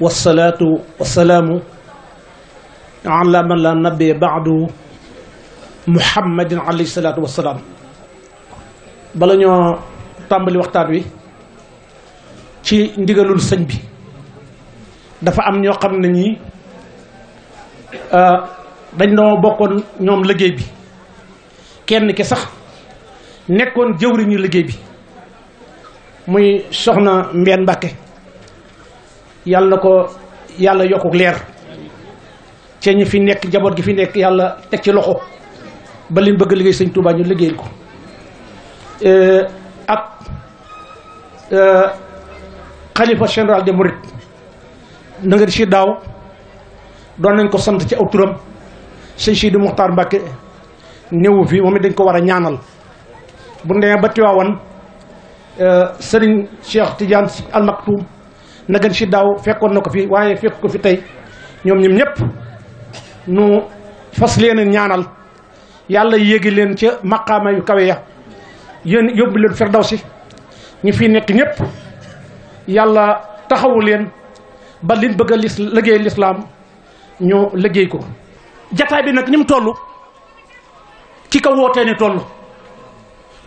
والصلاة والسلام على من لا نبي بعد محمد عليه الصلاة والسلام بلن يو تامل وقتان بي تي ندقلو السن بي دفع من يو قمنا ني دنو آه بقون نيوم لغي بي كين كسخ نكون جوري ني لغي بي مي شخنا مبين باكي yàlla na ko yàlla yokku leer ci ñi fi nekk jaboot gi fi nekk yàlla teg ci loxo ba liñ bëgg liggéey sëñ Touba ñu liggéeyal ko euh, ak euh, xalifa général des mourides na si daaw doon nañ ko sant ci aw turam sëñ Sidi Muxtaar Mbàkke néewu fi moom it dañ ko war a ñaanal bu demee ba Tiwaawan euh, sëriñ Cheikh Tidiane Al nagan ci daw fekkoon na ko fi waaye fekk ko fi tey ñoom ñoom ñëpp nu fas leen ñaanal yàlla yéegi leen ca maqaama yu kawe ya yéen yóbbu leen fer daw firdawsi ñi fi nekk ñëpp yàlla taxawu leen ba liñ bëgg a lis liggéey lislaam ñu liggéey ko jataay bi nag ni mu toll ki ko wootee ni toll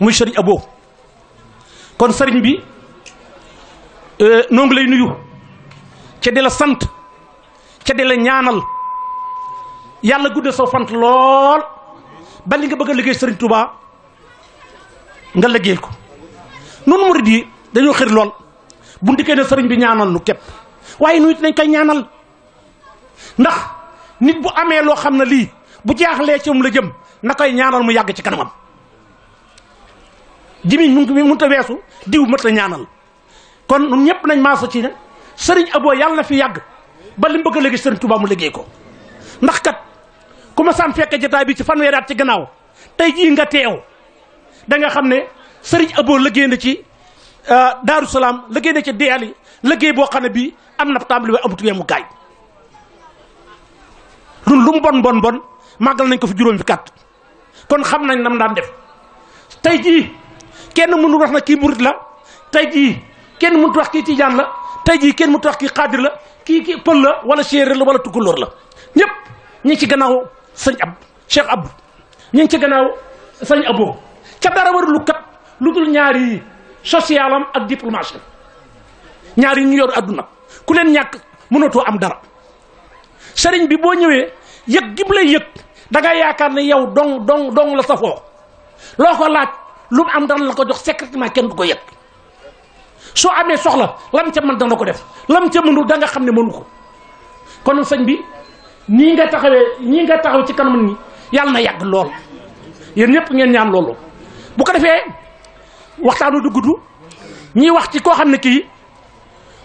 muy sëriñ Abo kon sëriñ bi Euh, noo ngi lay nuyu ca di la sant ca di la ñaanal yàlla guddal sa fant lool ba li nga bëgg a liggéey sëriñ Touba nga liggéey ko noonu murid yi dañoo xër lool bu ndikkee ne sëriñ bi ñaanal nu képp waaye nuyu nañ koy ñaanal ndax nit bu amee loo xam ne lii bu jaaxlee ci mu la jëm na koy ñaanal mu yàgg ci kanamam jimiñ mu ngi mënut a weesu diw mët la ñaanal kon ñun ñëpp nañ maaso ci ne sëriñ Abo yàlla na fi yàgg ba li mu bëgg a léegi sëriñ Touba mu liggéey ko ndax kat ku ma saan fekke jotaay bi ci fanweeri at ci gannaaw tey jii nga teew da nga xam ne sëriñ Abo liggéey na ci euh, Daaru Salaam liggéey na ci Deali liggéey boo xam ne bii am na tàmbali waaye amut mu gaay ñun lu mu bon bon bon màggal nañ ko fi juróom fi kat kon xam nañ nam daan def tey jii kenn mënu wax na kii murit la tey jii. kenn mënut wax kii tijaan la tey jii kenn mënut wax kii xaadir la kii kii pël la wala séeréer la wala tukkulóor la ñëpp ñu ci gannaaw sañ ab cheikh abdou ñu ngi ci gannaaw sëñ abo ca dara war lu kat lu dul ñaar yi socialam ak diplomatie ñaar ñu yoon adduna ku leen ñàkk mënatoo am dara sëriñ bi boo ñëwee yëg gim lay yëg da nga yaakaar ne yow dong dong dong la safoo loo ko laaj lu mu am dara la ko jox secrètement kenn du ko yëg soo amee soxla lam ca mën dana ko def lam ca mënul danga xam ne mënu ko kon sëñ bi nii nga taxawee ñii nga taxaw ci kanam ni yàlla na yàgg lool yéen ñëpp ngeen ñaan loolu bu ko defee waxtaanu du gudd ñiy wax ci koo xam ne kii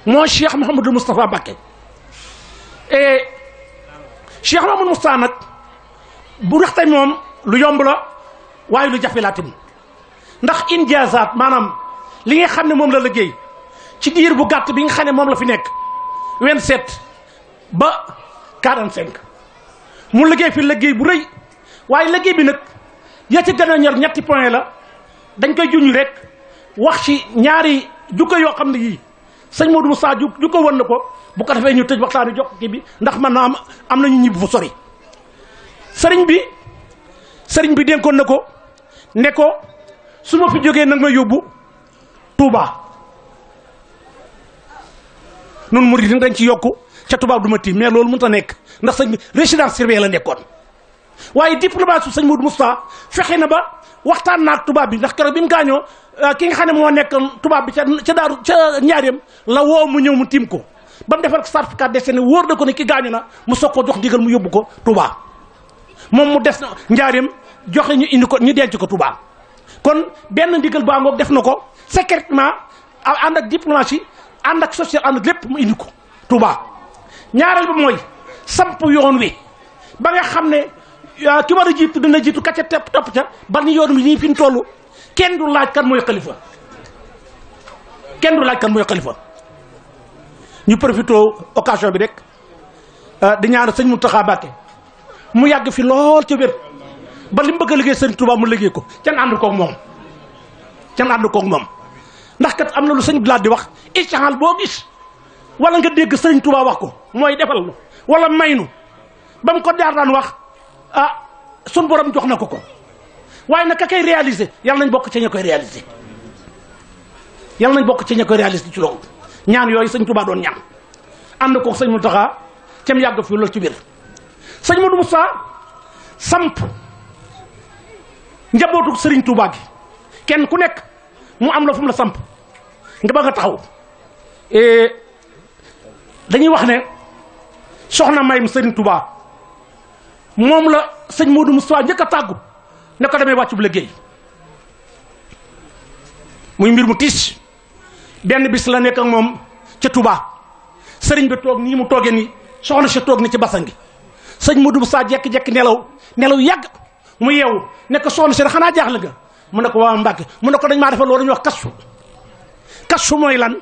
moo Cheikh Mouhamadou Moustapha Mbacké et Cheikh Mouhamadou Moustapha nag bu waxtaan moom lu yomb la waaye lu jafe laa ndax injaazaat li ngay xam ne moom la liggéey ci diir bu gàtt bi nga xam ne moom la fi nekk 27 ba 45 mu liggéey fi liggéey bu rëy waaye liggéey bi nag ya ci gën a ñetti point la dañ koy junj rek wax ci ñaari jukko yoo xam ne yii sëñ Modou Moussa ju jukko woon na ko bu ko defee ñu tëj waxtaan wi jox kii bi ndax man na am am nañu ñibbu fu sori sëriñ bi sëriñ bi dénkoon na ko ne ko su ma fi jógee nag ma yóbbu. Touba nun mouride dañ ci yokku ci touba duma ti mais lolou muta nek ndax señ résidence la nekkoon waye diplomate su señ fexé na ba waxtan nak touba bi ndax kéro bim gaño eh, ki nga xane mo nek touba bi ci ca daaru ca ñaareem la wo mu ñew mu tim ko bam defal certificat dese ne wor na ko ne ki gaño na mu soko jox digal mu yobbu ko Touba mom mu dess joxe ñu indi ko ñu denc ko Touba kon ben ndigal ba ngoog def nako secrètement and ak diplomatie and ak social and lepp mu indi ko Touba ñaaral bu moy samp yoon wi ba nga xamne euh, ki wara a dina jiitu katcha top top ca ba ni yoon mi ni fiñ tollu kenn du laaj kan moy khalifa kenn du laaj kan moy khalifa ñu profito occasion bi rek euh, di ñaanu sëñ Mountakha Mbacké mu yàgg fi lol ci wér ba lim bëgg liggéey Touba mu liggéey ko kenn ko ak mom kenn ko ak mom ndax kat am na lu sëñ Blaat di wax icaxal boo gis wala nga dégg sëñ Touba wax ko mooy defal nu wala may nu ba mu ko jaar daan wax ah sun borom jox na ko ko waaye nag ka koy réalisé yàlla nañ bokk ci ña koy réalisé yàlla nañ bokk ci ña koy réalisé ci loolu ñaan yooyu sëñ Touba doon ñaan ànd ko sëñ Mountakha cam yàgg fi loolu ci biir sëñ Modou Moussa njabootu sëriñ Touba gi kenn ku nekk mu am la fu mu la samp nga bëgg a taxaw eh, dañuy wax ne soxna May mu Serigne tubaa moom la sëñ Modou saa njëkk a tàggu ne demee wàccu bu liggéey muy mbir mu tiis benn bis la nekk ak moom ca Touba Serigne bi toog nii mu toogee nii soxna si toog ni ci basan gi sëñ Modou Moustapha jekki-jekki nelaw nelaw yàgg mu yeewu ne ko soxna si xanaa jaaxle nga mu ne ko waa Mbàkke mu ne ko dañ maa defal loolu dañuy wax kasu. kasu moy lan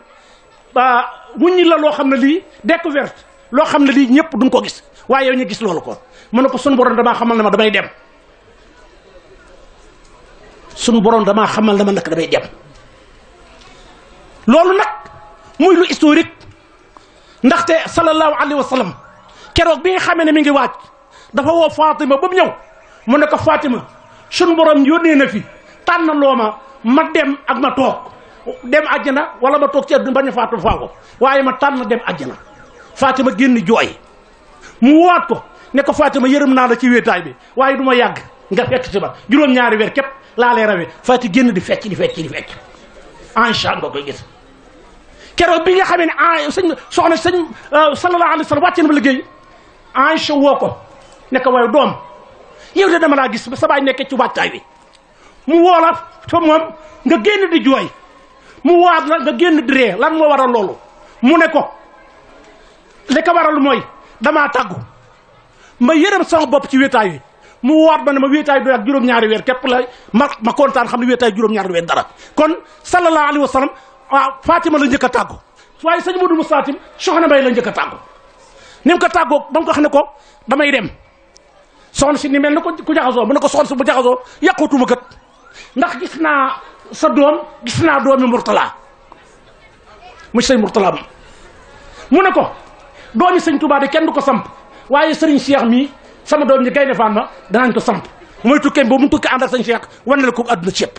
wuññi la loo xam ne lii découverte loo xam ne lii ñëpp duñ ko gis waaye yow ñu gis loolu ko mu ne ko sunu borom damaa xamal ne ma damay dem sunu borom damaa xamal ne ma nag damay dem loolu nag muy lu historique ndaxte sallallahu alayhi wa keroog bi nga xamee ne mu ngi waaj dafa woo Fatima ba mu ñëw mu nekk ko Fatima sunu borom yónnee na fi tànn loo ma ma dem ak ma toog. dem àjjana wala ma toog ci àdduna bañ a faatu faago waaye ma tànn dem àjjana Fatima génn jooy mu waat ko ne ko Fatima yërëm naa la ci wéetaay bi waaye du ma yàgg nga fekk ci ba juróom-ñaari weer képp laa lay rawee Fatima génn di fecc di fecc di fecc nga koy gis keroog bi nga xamee ne en sëñ soxna sëñ euh, sallallahu alayhi wa wàcce na ma woo ko ne ko waaye doom yow de dama gis ba sa baay nekk ci wàccaay bi mu woo fa moom nga génn di jooy mu waat la nga génn di ree lan moo waral loolu mu ne ko li ko waral mooy damaa tàggu ma yërëm sama bopp ci wéetaay yi mu waat ma ne ma wéetaay doy ak juróom-ñaari weer képp la ma ma kontaan xam ne wéetaay juróom-ñaari weer dara kon sallallahu alayhi wa sallam waaw ah, la njëkka a tàggu waaye sëñ Modou Moussa Tim soxna May la njëkk a tàggu ni ko tàggoo ba ko xam ne ko damay dem soxna si ni mel ni ko ku jaxasoo mu ne ko soxna si bu jaxasoo yàqutuma kat sa doom gis naa doomi Mourtala mu sëñ Mourtala ma mu ne ko doomi sëñ Touba de kenn du ko samp waaye sëriñ Cheikh mii sama doom ñi Gaynde Fatma danañ ko samp mooy tukkee ba mu tukki ànd ak sëñ Cheikh ko àdduna ci kon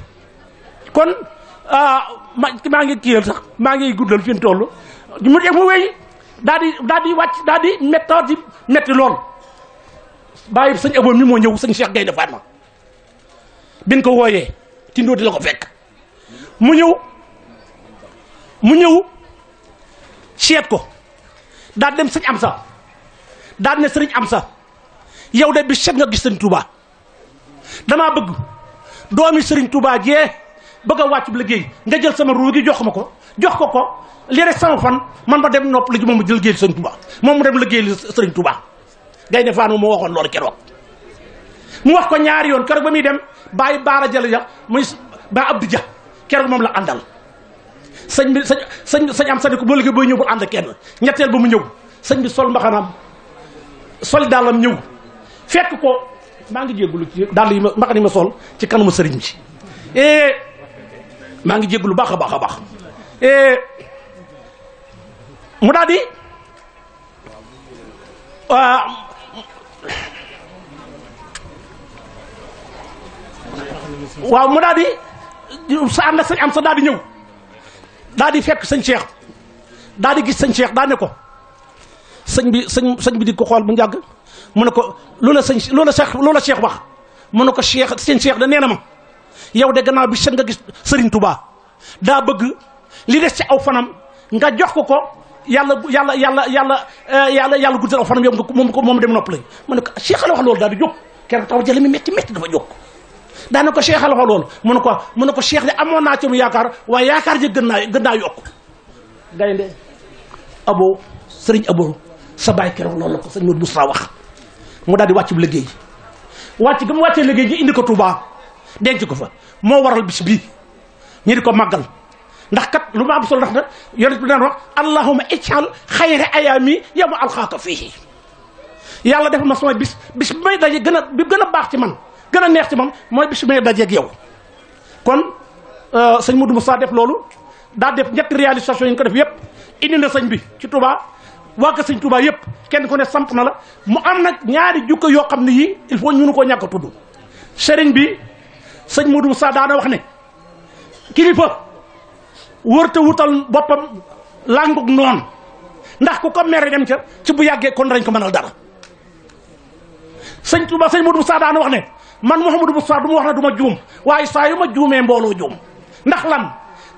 kon ah, ma maa ngi kii sax maa ngi guddal fi mu toll mu def mu wéy daal di daal di wàcc daal di méttoo di métti bàyyi sëñ Abo mi moo ñëw sëñ Cheikh Gaynde Fatma biñ ko wooyee tindoo di la ko fekk. mu ñëw mu ñëw seet ko daal dem sëñ am sa daal ne sëriñ am sa yow de bi seet nga gis sëñ Touba damaa bëgg doomi sëriñ Touba jee bëgg a wàccu liggéey nga jël sama ruugi jox ma ko jox ko ko lere sama fan man ma dem nopp li ji moom ma jël liggéey sëriñ Touba moom mu dem liggéey li sëriñ Touba gaynde faanu moo waxoon loolu keroog mu wax ko ñaari yoon keroog ba muy dem bàyyi baara jël ja muy ba Abdou ja keroog moom la àndal sëñ bi sëñ sëñ sëñ am sadiku boo liggéey booy ñëw bu ànd kenn ñetteel ba mu ñëw sëñ bi sol mbaxanaam sol daalam ñëw fekk ko maa ngi jéggulu ci daal yi ma mbaxan yi ma sol ci kanamu sëriñ bi ee eh, maa ngi jéggulu baax a baax a baax ee eh, mu daal di waaw mu daal di sa ànd ak am sa daal di ñëw daal di fekk sañ Cheikh daal di gis sañ Cheikh daa ne ko sëñ bi sëñ sëñ bi di ko xool bu njàgg mu ne ko loola sëñ loola Cheikh loola Cheikh wax mu ne ko Cheikh sëñ Cheikh da nee na ma yow de gannaaw bi sën nga gis Serigne Touba daa bëgg li des ci aw fanam nga jox ko ko yàlla yàlla yàlla yàlla eh, yàlla yàlla guddal aw fanam yow nga moom moom dem nopp lañ mu ne ko Cheikh la wax loolu daal di jóg keroog taw jële mi métti métti dafa jóg. danako ko cheikh al xoloon mu ne ko mu ne ko cheikh di amona ci mu yakar waaye yakar ji gën naa yok gaynde abo serigne abo sa bay keroog non la ko serigne Modou Moussa wax mu daal di wàcc bu liggey wàcc gam mu liggey ji indi ko Touba denc ko fa mo waral bis bi ñi di ko magal ndax kat lu ma am solo ndax yonit yonent bi daan wax allahuma ijal ayami ayaami al alxaaka fihi yàlla def ma sama bis bis bi may daje gëna bi gëna bax ci man gën a neex ci moom mooy bis bi may dajeeg yow kon euh, sëñ Modou saa def loolu daa def ñetti réalisation yi ñu ko def yëpp indi na sëñ bi ci Touba waa ko sëñ Touba yëpp kenn ku ne samp na la mu am nag ñaari jukko yoo xam ne yii il faut nu ko ñàkk a tudd sëriñ bi sëñ Modou Moussa daana wax kilifa wërta wutal boppam làngug noonu ndax ku ko mere dem ca ci bu yàggee kon dañ ko mënal dara sëñ Touba sëñ Modou Moussa wax ne man Mouhamadou Moustapha du ma wax na du ma juum waaye saa yu ma juumee mbooloo juum ndax lan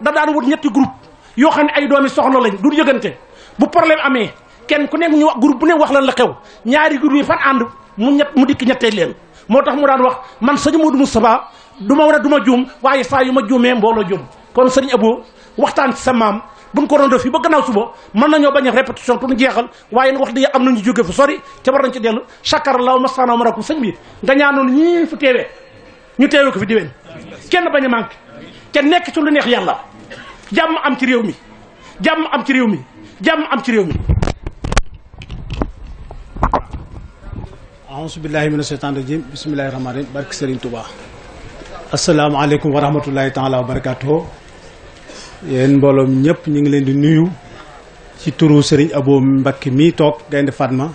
da daan wut ñetti groupe yoo xam ne ay doomi soxna lañ du yëgante bu problème amee kenn ku nekk ñu wax group bu ne wax lan la xew ñaari groupe yi fan ànd mu ñett mu dikk ñettee leen moo tax mu daan wax man sëñ Modou Moustapha du ma war a du ma juum waaye saa yu ma juumee mbooloo juum kon sëñ Abo waxtaan ci sa maam buñ ko doon def fi ba gannaaw suba man nañu bañ répétition pour jeexal waye wax di am nañu jóge fu sori ci war nañ ci delu allah ma sana ma rakku señ bi nga ñaanoon ñi fu téwé ñu téwé ko fi diwen kenn bañ a manqué nek ci lu neex yalla jàmm am ci réew mi jàmm am ci réew mi jàmm am ci réew mi أعوذ بالله من الشيطان الرجيم بسم الله الرحمن الرحيم بارك سيرين توبا السلام عليكم ورحمة الله تعالى وبركاته yéen mbooloom ñëpp ñu ngi leen di nuyu ci turu Serigne Abo mbakki mii toog Gaynde Fatma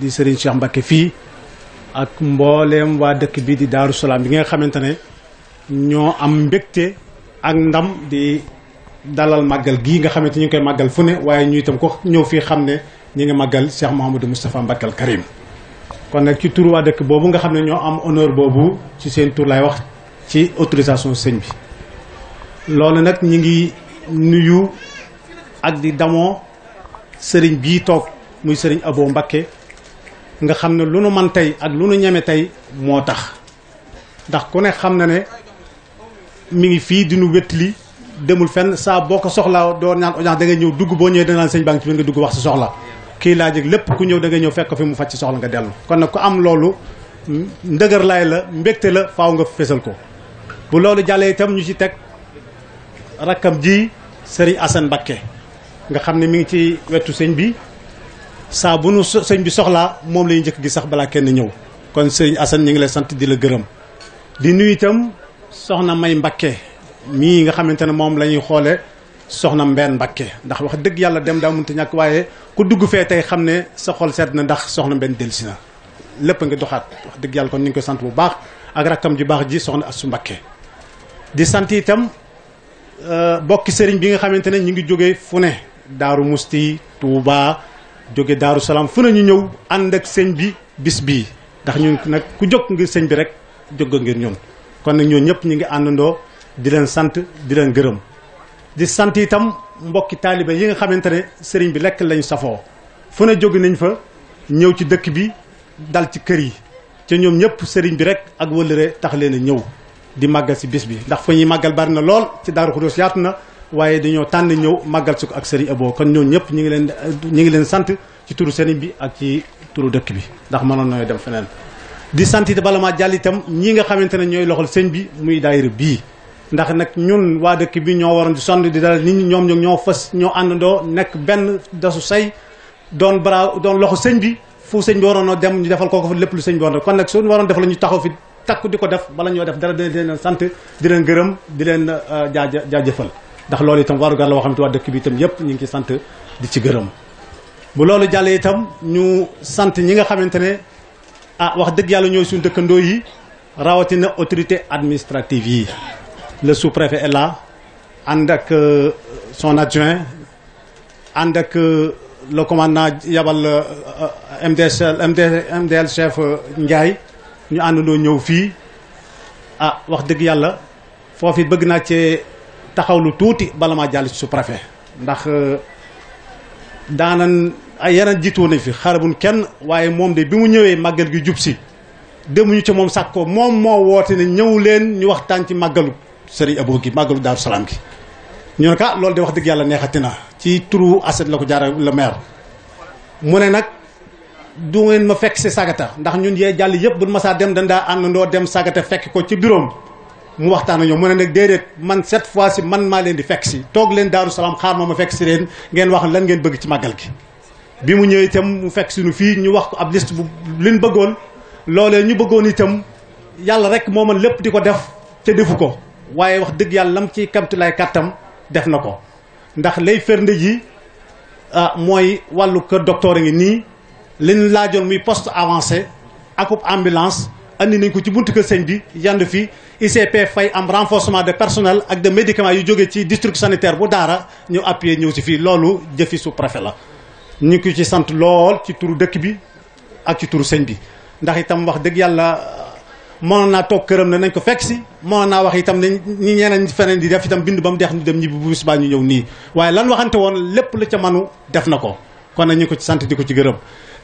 di Serigne Cheikh Mbacké fii ak mbooleem waa dëkk bi di Daaru Salaam bi nga xamante ne ñoo am mbégte ak ndam di dalal màggal gii nga xamante ñu ngi koy màggal fu ne waaye ñu itam ko ñëw fii xam ne ñu ngi màggal Cheikh Mouhamadou Moustapha Mbacké al Karim kon nag ci tur waa dëkk boobu nga xam ne ñoo am honneur boobu ci seen tur laay wax ci autorisation sëñ bi loolu nag ñu ngi nuyu ak di damoo sëriñ bii toog muy sëriñ Abo Mbakke nga xam ne lu nu man tey ak lu nu ñeme tey moo tax ndax ku ne xam na ne mi ngi fii di nu li demul fenn saa boo ko soxlaa doo naan audience da nga ñëw dugg boo ñëwee dana sëñ baa ngi ci biir nga dugg wax si soxla kii laa jëg lépp ku ñëw da nga ñëw fekk ko fi mu faj si soxla nga dellu kon nag ku am loolu ndëgër la mbégte la faw nga fésal ko bu loolu jàllee itam ñu ci teg rakkam ji sëriñ Assane Mbakke nga xam ne mi ngi ci wetu sëñ bi saabu nu sëñ bi soxlaa moom lay ñuy njëkk gi sax balaa kenn ñëw kon sëriñ Assane ñu ngi lay sant di la gërëm di nuyu itam soxna May Mbakke mii nga xamante ne moom la ñuy xoole soxna mbenn Mbakke ndax wax dëgg yàlla dem daa mënta ñàkk waaye ku dugg fee tey xam ne sa xol sedd na ndax soxna Mbène dellusi na lépp nga doxaat wax dëgg yàlla kon ñu koy sant bu baax ak rakkam ju baax ji soxna Assou Mbakke Euh, bokki sëriñ bi nga xamante ne ñu ngi jóge fu ne daaru musti tuuba jóge daaru salaam fu ne ñu ñëw ànd ak sëñ bi bis bii ndax ñun nag ku jóg ngir sëñ bi rek jóg ngir ñun kon nag ñoo ñëpp ñu ngi àndandoo di leen sant di leen gërëm di sant itam mbokki taalibe yi nga xamante ne sëriñ bi lekk lañ safoo fu ne jóge nañ fa ñëw ci dëkk bi dal ci kër yi ca ñoom ñëpp sëriñ bi rek ak wëllëre tax leen ñëw di màggal si bis bi ndax fu ñuy màggal bari na lool ci Daaru Xudoos yaatu na waaye dañoo tànn ñëw màggal si ko ak sëriñ Abo kon ñoo ñëpp ñu ngi leen ñu ngi leen sant ci turu sëriñ bi ak ci turu dëkk bi ndax mënoon nañu dem feneen di sant it bala maa jàll itam nga xamante ne ñooy loxol sëñ bi muy daayira bii ndax nag ñun waa dëkk bi ñoo waroon di sonn di dalal nit ñi ñoom ñoom ñoo fas ñoo àndandoo nekk benn dasu say doon a dem ñu defal ko fa lépp lu sëñ bi waroon kon nag suñu waroon def ñu taxaw fi takku di ko def bala ñoo def dara di leen sant di leen gërëm di leen euh, jaaja jaajëfal ndax loolu itam warugar la woo xam ne waa dëkk bi itam yëpp ñu ngi ci sant di ci gërëm bu loolu jàllee itam ñu sant ñi nga xamante ne ah wax dëgg yàlla ñooy suñu dëkkandoo yi rawatina autorité administrative yi le sous-préfet est là ànd ak euh, son adjoint ànd ak euh, le commandant yabal MDL MDL chef Ndiaye ñu àndandoo ñëw fii ah wax dëgg yàlla foofu bëgg naa cee taxaw lu tuuti bala maa jàll ci sous-préfet ndax euh, daanan ay yeneen jiitoo nañ fi xarabun kenn waaye moom de bi mu ñëwee màggal gi jub si demuñu ci moom sàkk ko moom moo woote ne ñëw leen ñu waxtaan ci màggalu sëriñ Abo gi màggalu Daaru Salaam gi ñu ne ko ah, loolu de wax dëgg yàlla neexati na ci turu aset la ko jaara le maire mu ne nag du ngeen ma fekk ci sagata ndax ñun yee jàll yépp buñ sa dem dañ daa àndandoo dem sagata fekk ko ci biroom mu waxtaan ñoom mu ne nag déedéet man cette fois si man maa leen di fekk si toog leen daaru salaam xaar ma ma fekk si leen ngeen wax lan ngeen bëgg ci màggal gi bi mu ñëw itam mu fekk nu fii ñu wax ko ab liste bu liñ bëggoon loolee ñu bëggoon itam yàlla rek moo man lépp di ko def te defu ko waaye wax dëgg yàlla lam kamtu lay kàttam def na ko ndax lay fernde ji ah mooy wàllu kër docteur ngi nii liñ laajoon muy poste avancé akub ambulance andi nañ ko ci buntu kër sëñ bi yand fi ICP fay am renforcement de personnel ak de médicaments yu jóge ci district sanitaire bu Daara ñu appuyé ñëw si fii loolu jëfi su préfet la. ñu ngi ko ci sant lool ci turu dëkk bi ak ci turu sëñ bi ndax itam wax dëgg yàlla mënoon naa toog këram ne nañ ko fekk si mënoon naa wax itam ne ñi ñeneen feneen di def itam bind ba mu deex ñu dem ñibbi bu bis baa ñu ñëw nii waaye lan waxante woon lépp la ca manu def na ko kon nag ñu ko ci sant di ko ci gërëm.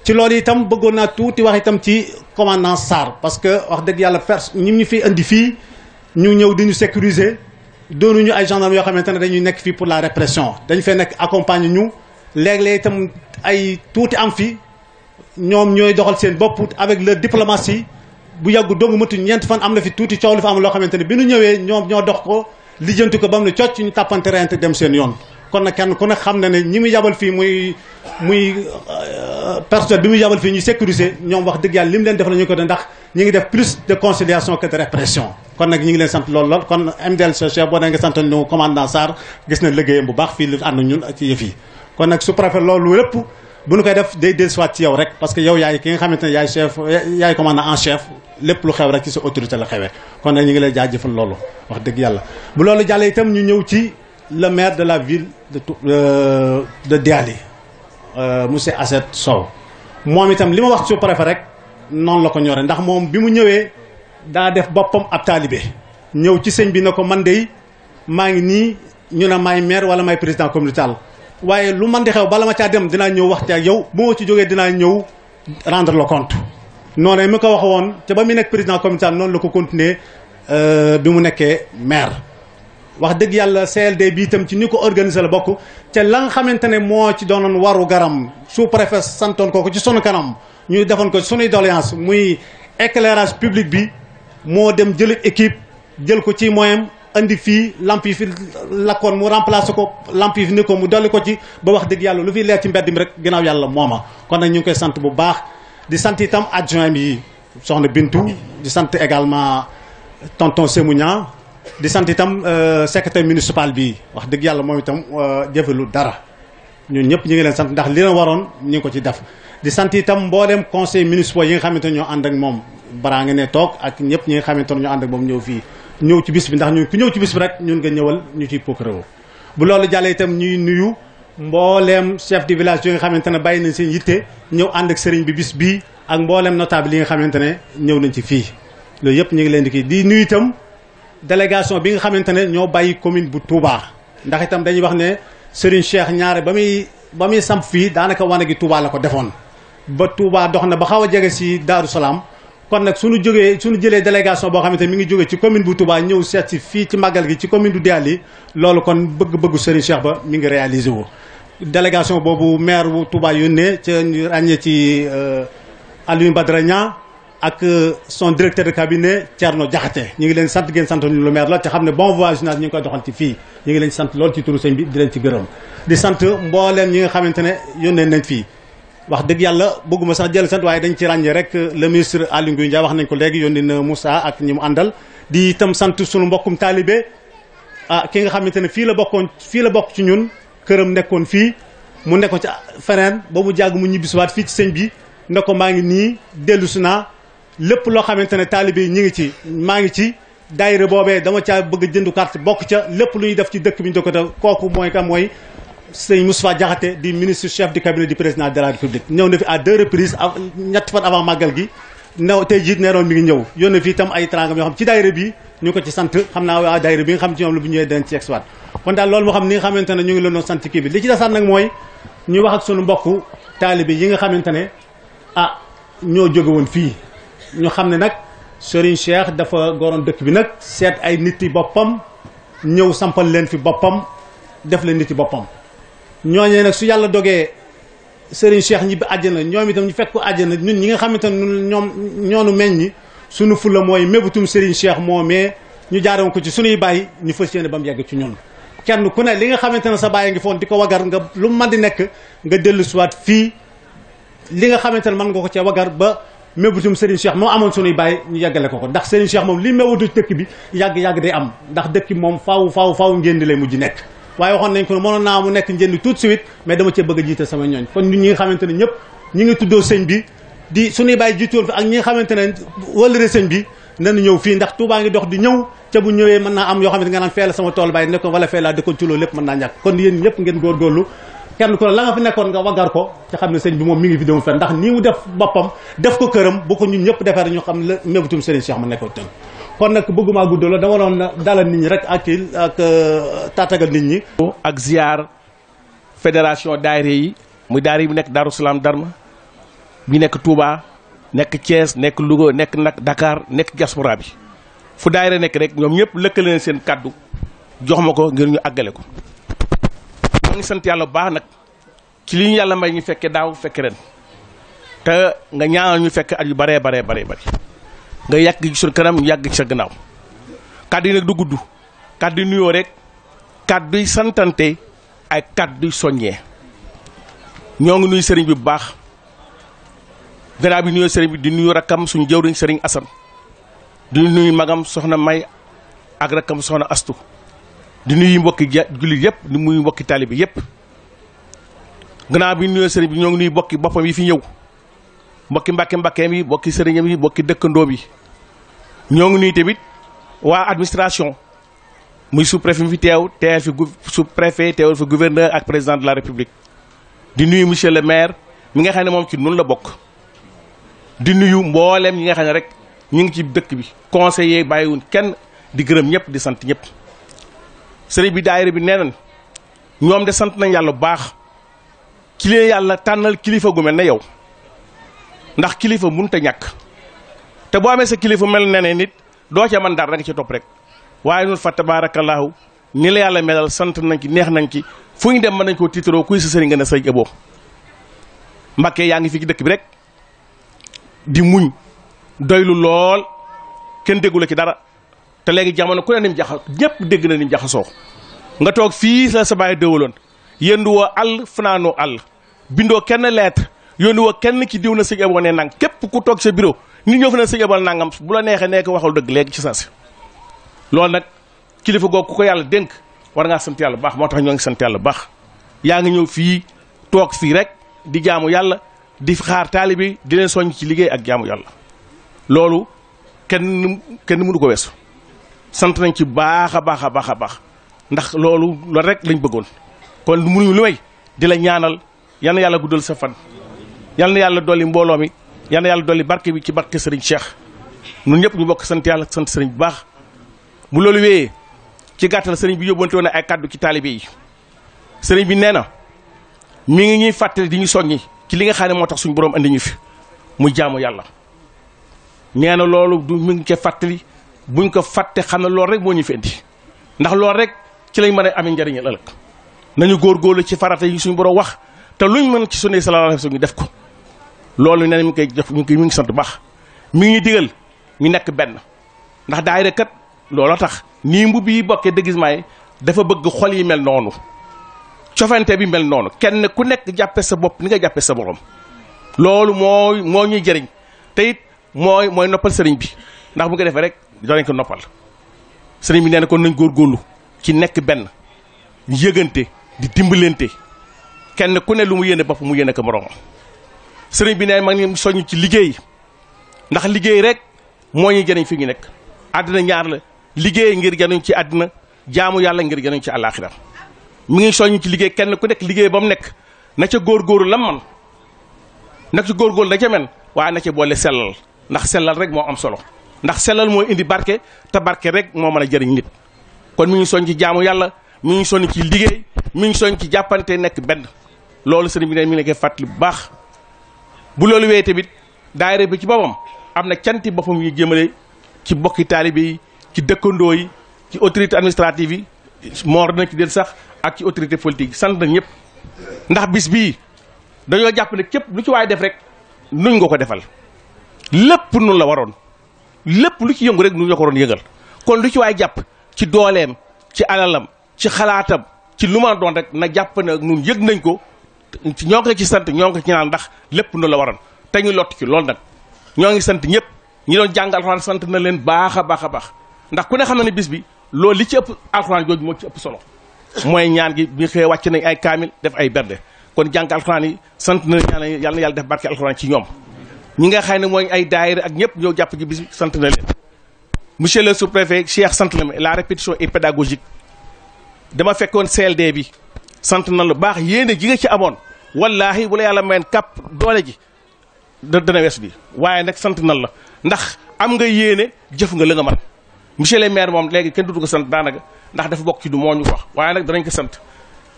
ci loolu itam bëggoon naa tuuti wax itam ci commandant Sar parce que wax dëgg yàlla fers ñi ñu fi indi fii ñu ñëw di ñu sécuriser doonuñu ay gendarme yoo xamante ne dañuy nekk fii pour la répression dañ fee nekk accompagne ñu léeg-léeg itam ay tuuti am fi ñoom ñooy doxal seen bopp avec leur diplomatie bu yàggu dong matu ñeent fan am na fi tuuti coow lu fi am loo xamante ne bi ñu ñëwee ñoom ñoo dox ko lijjanti ko ba mu ne cocc ñu tàppante reyante dem seen yoon kon nag kenn ku ne xam na ne ñi muy yabal fii muy muy euh, personnel bi muy yabal fii ñu sécuriser ñoom wax dëgg yàlla li mu leen def la ko de ndax ñu ngi def plus de conciliation que de répression kon nag ñu ngi leen sant lool lool kon MDLC chef boo nee nga santoon ñu commandant Sarr gis na liggéeyam bu loolu lépp bu koy def day dellusiwaat ci yow rek parce que yow yaay ki nga xamante ne yaay chef yaay commandant lépp lu xew rek ci sa autorité la xewee kon nag lay jaajëfal loolu wax dëgg yàlla bu loolu jàllee itam ñu ñëw ci le maire de la ville de euh, de Déalé euh, monsieur Assette Sow moom itam li ma wax sous-préfet rek noonu la ko ñore ndax moom bi mu ñëwee daa def boppam ab taalibe ñëw ci sëñ bi ne ko man dey ngi nii ñu ne maire wala maay président communautal waaye lu man di xew bala ma caa dem dinaa ñëw waxte ak yow bu ma ci jógee dinaa ñëw rendre le compte noonu mi ko wax woon te ba mu nekk président communautal non, la ko continuer euh, bi mu nekkee maire wax deug yalla CLD bi ci niko organiser la bokk te la nga xamante ne ci doonoon waru garam sous préfet santone koko ci sonu kanam ñu defoon ko sunuy doléance muy éclairage public bi mo dem jël équipe jël ko ci moyam andi fi lampi yi fi lakkoon mu remplacé ko lamp yi fi ni mu dolli ko ci ba wax deug yalla lu fi leer ci mbedd mi rek ginaaw yalla moma kon nak ñu koy sante bu baax di sante tam adjoint bi soxna Bintu di sante également tonton Sémouña di sant itam euh, secrétaire municipal bi wax dëgg yàlla moom itam euh, jëfelu dara ñun ñëpp ñu ngi leen sant ndax li na waroon ñu ngi ko ci def di sant itam mboolem conseil municipal yi nga xamante ne ñoo ànd ak moom baraa nga ne toog ak ñëpp ñi nga xamante ne ñoo ànd ak moom ñëw fii ñëw ci bis bi ndax ñun ku ñëw ci bis rek ñun nga ñëwal ñu ciy pokkaréwo bu loolu jàllee itam ñuy nuyu mbooleem chef de village yi nga xamante ne bàyyi nañ seen yitte ñëw ànd ak sëriñ bi bis bii ak mbooleem notable yi nga xamante ne ñëw nañ ci fii loolu yëpp ñu ngi leen di kii di nuyu itam délégation bi nga xamante ne ñoo bàyyi commune bu Touba ndax itam dañuy wax ne Serigne Cheikh ñaare ba muy ba muy samp fii daanaka wane gi Touba la ko defoon ba Touba dox na ba xaw a jege si Daaru Salaam kon nag su nu jógee su suñu jëlee délégation boo xamante ne mi ngi jóge ci commune bu Touba ñëw seet si fii ci màggal gi ci commune du Dialy loolu kon bëgg-bëggu Serigne Cheikh ba mu ngi réalisé wu délégation boobu maire bu Touba yónnee ca ñu ràññee ci euh, Aliou Badara Niang ak euh, son directeur de cabinet Thierno Diakhaté ñu ngi leen sant ngeen sant ñu lu maire la te xam ne bon voisinage ñu ngi koy doxal ci fii ñu ngi leen sant lool ci turu sëñ bi di leen ci gërëm di sant mbooleem ñi nga xamante ne yónnee nañ fii wax dëgg yàlla bëgguma sax jël sant waaye dañ ci ràññee rek euh, le ministre Aly Ngouille Ndiaye wax nañ ko léegi yónni na Moussa ak ñi mu àndal di itam sant sunu mbokkum taalibe ah ki nga xamante ne fii la bokkoon fii la bokk ci ñun këram nekkoon fii mu nekkoon ci feneen ba mu jàgg mu ñibbisiwaat fii ci sëñ bi ne lépp loo xamante ne taalibe yi ñu ngi ci maa ngi ci daayira boobee dama caa bëgg jëndu carte bokk ca lépp lu ñuy def ci dëkk bi ñu dokkata kooku mooy ka mooy sëñ Moustapha Diakhaté di ministre chef du cabinet du président de la république ñëw na fi à deux reprises ñett fan avant màggal gi new te jiit neeroon mi ngi ñëw yónne fi tam ay trangam yoo xam ci daayira bi ñu ngi ko ci sant xam naa waa daayira bi nga xam ne ñoom lu bu ñëwee dañ ci exwaat kon daal loolu moo xam ni nga xamante ne ñu ngi leen doon sant kii mooy ñu wax ak sunu mbokk taalibe yi nga xamante ne ah ñoo jóge fii ñu xam ne nag Serigne Cheikh dafa goroon dëkk bi nag seet ay nit yi boppam ñëw sampal leen fi boppam def leen nit yi boppam ñooñee nag su yàlla dogee Serigne Cheikh ñibbi àjjana ñoom itam ñu fekk ko àjjana ñun ñi nga xamante ne ñoom ñoonu meññ suñu fulla mooy mébutum Serigne Cheikh moomee ñu jaaroon ko ci suñuy bàyyi ñu fas yéene ba mu yegg ci ñun kenn ku ne li nga xamante ne sa bàyyi ngi foon di ko wagar nga lu mën di nekk nga dellu siwaat fii li nga xamante ne mën nga ko cee wagar ba mébétum Serigne Cheikh moo amoon sunuy bàyyi ñu yàggale ko ko ndax Serigne Cheikh moom li mébétu dëkk bi yàgg-yàgg day am ndax dëkk moom faaw faaw faaw njënd lay mujj nekk waaye waxoon nañ ko mënoon naa mu nekk njënd tout de suite mais dama cee bëgg a jiite sama ñooñ kon ñun ne ñëpp ñi ngi tuddoo sëñ bi di sunuy bàyyi jiitoon fi ak ñi nga xamante ne wëllëre sëñ bi nanu ñëw fii ndax Touba ngi dox di ñëw ca bu ñëwee mën naa am yoo xamante nga naan fee la sama tool bàyyi nekkoon wala fee dëkkoon ci lépp mën naa ñàkk kon yéen ñëpp ngeen góorgóorlu kenn ku ne la nga fi nekkoon nga waggar ko te xam ne sëñ bi moom mi ngi fi demul fenn ndax nii mu def boppam def ko këram bu ko ñun ñëpp defee ñu xam la mébutum sëriñ Cheikh ma nekkoon tënk kon nag bëgguma guddaloo dama doon dalal nit ñi rek ak ak euh, tatagal nit ñi. ak ziar fédération daayira yi muy daayira bi nekk Darou Salaam Darma bi nekk Touba nekk Thiès nekk Louga nekk nag dakaar nekk diaspora bi fu daayira nekk rek ñoom ñëpp lëkkale leen seen kàddu jox ma ko ngir ñu àggale ko. ngi sant yalla bu baax ci li yalla may ñu fekke daaw fekke ren te nga ñaanal ñu fekk at yu bare bare bare bare nga yàgg ci sun kanam ñu ci sa gnaaw kaddu nak du gudd kaddu nuyo rek kaddu santante ay kaddu soñé ñoo ngi nuyu sëriñ bi bu baax bi nuyu sëriñ bi di nuyu rakam suñu jëwriñ sëriñ Assane di nuyu magam soxna May ak rakam soxna Astu di nuyu mbokki jullit yëpp di nuyu mbokki taalibe yëpp gannaaw bi nuyu sëriñ bi ñoo nuyu mbokki boppam yi fi ñëw mbokki mbàkke mbàkkeem yi mbokki sëriñam yi mbokki dëkkandoom yi ñoo ngi nuyu tamit waa administration muy sous préfet fi teew teewal fi sous préfet teewal fi gouverneur ak président de la république di nuyu monsieur le maire mi nga xam ne moom ci nun la bokk di nuyu mbooleem ñi nga xam ne rek ñu ngi ci dëkk bi conseiller bàyyiwuñ kenn di gërëm ñëpp di sant ñëpp sëriñ bi daayira bi nee ñoom de sant nañ yàlla bu baax ci leen yàlla tànnal kilifa gu mel na yow ndax kilifa mënut a ñàkk te boo amee sa kilifa mel ne ne nit doo ca man dara da nga ci topp rek waaye ñun fa tabaarakallaahu ni la yàlla melal sant nañ ki neex nañ ci fu ñu dem mën nañ koo tiitaroo kuy sa sëriñ nga ne sëriñ Abo Mbakke yaa ngi fi ci dëkk bi rek di muñ doylu lool kenn déggu la ci dara. te léegi jamono ku ne nim jaxa ñëpp dégg na nim jaxasoo nga toog fii la sa baay dëwaloon yéen àll fanaanoo àll bindoo kenn lettre yónni woo kenn ci diw na sëñ Abo ne nang képp ku toog sa bureau nit ñoo fa ne sëñ Abo nangam bu la neexee nekk waxal dëgg léegi ci saa si loolu nag kilifa googu ku ko yàlla dénk war ngaa sant yàlla baax moo tax ñoo ngi sant yàlla baax yaa ngi ñëw fii toog fii rek di jaamu yàlla di xaar taalibi di leen soññ ci liggéey ak jaamu yàlla loolu kenn kenn mënu ko weesu. sant nañ ci baax a baax a baax a baax ndax loolu loolu rek lañ bëggoon kon mënuñu lu may di la ñaanal yal na yàlla guddal sa fan yal na yàlla dolli mbooloo mi yal na yàlla dolli barke bi ci barke Serigne seex ñun ñëpp ñu bokk sant yàlla sant sëriñ bu baax mu loolu wéyee ci gàttal sëriñ bi yóbbante woon ay kàddu ci taalibe yi sëriñ bi nee na mi ngi ñuy fàttali di ñu soññi ci li nga xam ne moo tax suñu boroom andi ñu fi mu jaamu yàlla nee na loolu du mi ngi ca fàttali. bu buñ ko fàttee xam ne loolu rek moo ñu fi ndax loolu rek ci lañ mën a amee njëriñal ëllëg nañu góorgóorlu ci farata yi suñu borom wax te lu luñ mën ci sunne sallallahu alayhi wasallam def ko loolu nee mu mi ngi koy def mi ngi sant baax mu ngi digal ñu nekk benn ndax daayira kat looloo tax nii mbubb yi bokkee déguisement yi dafa bëgg xol yi mel noonu cofante bi mel noonu kenn ku nekk jàppe sa bopp ni nga jàppee sa borom loolu moo moo ñuy jëriñ te it mooy mooy noppal bi ndax bu ko defee rek danañ ko noppal sëriñ bi nee na kon góor góorgóorlu ci nekk benn yëgante di dimbalante kenn ku ne lu mu yéene bopp mu yéene ko moroomam sëriñ bi nee ma ngi soññ ci liggéey ndax liggéey rek moo ñuy jëriñ fi ñu nekk àddina ñaar la liggéey ngir jëriñ ci àddina jaamu yàlla ngir jëriñ ci àllaaxira mu ngi soññ ci liggéey kenn ku nekk liggéey ba mu nekk na ca góorgóorlu lam man na ca góorgóorlu da ca men waaye na ca boole sellal ndax sellal rek moo am solo ndax sellal moo indi barke te barke rek moo mën a jariñ nit kon mu ngi soñ ci jaamu yàlla mu ngi soñ ci liggéey mi ngi soñ ci jàppante nekk benn loolu sëriñ bi ne mi ngi koy fàttali bu baax bu loolu wéyee tamit daayira bi ci boppam am na canti boppam yi jéemale ci bokki taalibe yi ci dëkkandoo yi ci autorité administrative yi moor dina ci del sax ak ci autorité politique sant na ñëpp ndax bis bii dañoo jàpp ne képp lu ci waay def rek nuñ nga ko defal lépp nun la waroon lépp lu ci yëngu rek ñun ñoo ko doon yëgal kon lu ci waay jàpp ci dooleem ci alalam ci xalaatam ci lu ma doon rek na jàpp ne ñun yëg nañ ko ñoo ngi ko ci sant ñoo ngi ko ci naan ndax lépp nu la waroon te ñu lott ci lool nag ñoo ngi sant ñëpp ñi doon jàng alxuraan sant na leen baax a baax a baax ndax ku ne xam na ne bis bi loolu li ci ëpp alxuraan jooju moo ci ëpp solo mooy ñaan gi bi xëyee wàcc nañ ay kaamil def ay berde kon jàng alxuraan yi sant na ñaan yàlla na yàlla def barke ci ñoom ñi nga xam ne mooy ay daayira ak ñëpp ñoo jàpp ci bis sant na leen monsieur le sous-préfet Cheikh sant na ma la répétition est pédagogique dama fekkoon CLD bi sant na lu baax yéene ji nga ci amoon wallaahi wala yàlla mayen kàpp doole ji da dana wees bi waaye nag sant na la ndax am nga yéene jëf nga la nga man monsieur le maire moom léegi kenn dutu ko sant daanaka ndax dafa bokk ci du moo ñu wax waaye nag danañ ko sant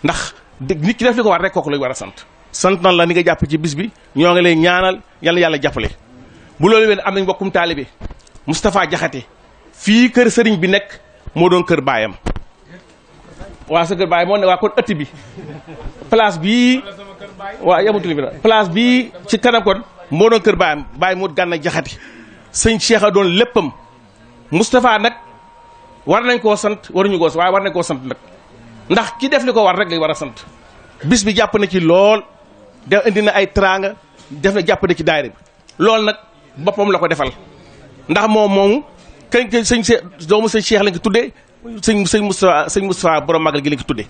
ndax nit ki def li ko war rek kooku lañ war a sant sant na la ni nga jàpp ci bis bi ñoo ngi lay ñaanal yàlla yàlla jàppale bu loolu ween am nañ mbokkum taalibe Moustapha Jaxate fii kër sëriñ bi nekk moo doon kër baayam waa sa kër baay moo ne bi place bii waa bi ci kanam moo doon kër baayam baay mu gànna jaxati sëñ Cheikh a doon léppam mustafaa nag war nañ koo sant waruñu koo waaye war nañ koo sant nag ndax ki def li ko war rek lay war a sant bis bi jàpp na ci lool de indi na ay teraanga def na jàppale ci daayira bi loolu nag boppam la ko defal ndax moom moomu kañ kañ sëñ Cheikh doomu sëñ Cheikh lañ ko tuddee sëñ sëñ Moustapha sëñ Moustapha borom magal gi lañ ko tuddee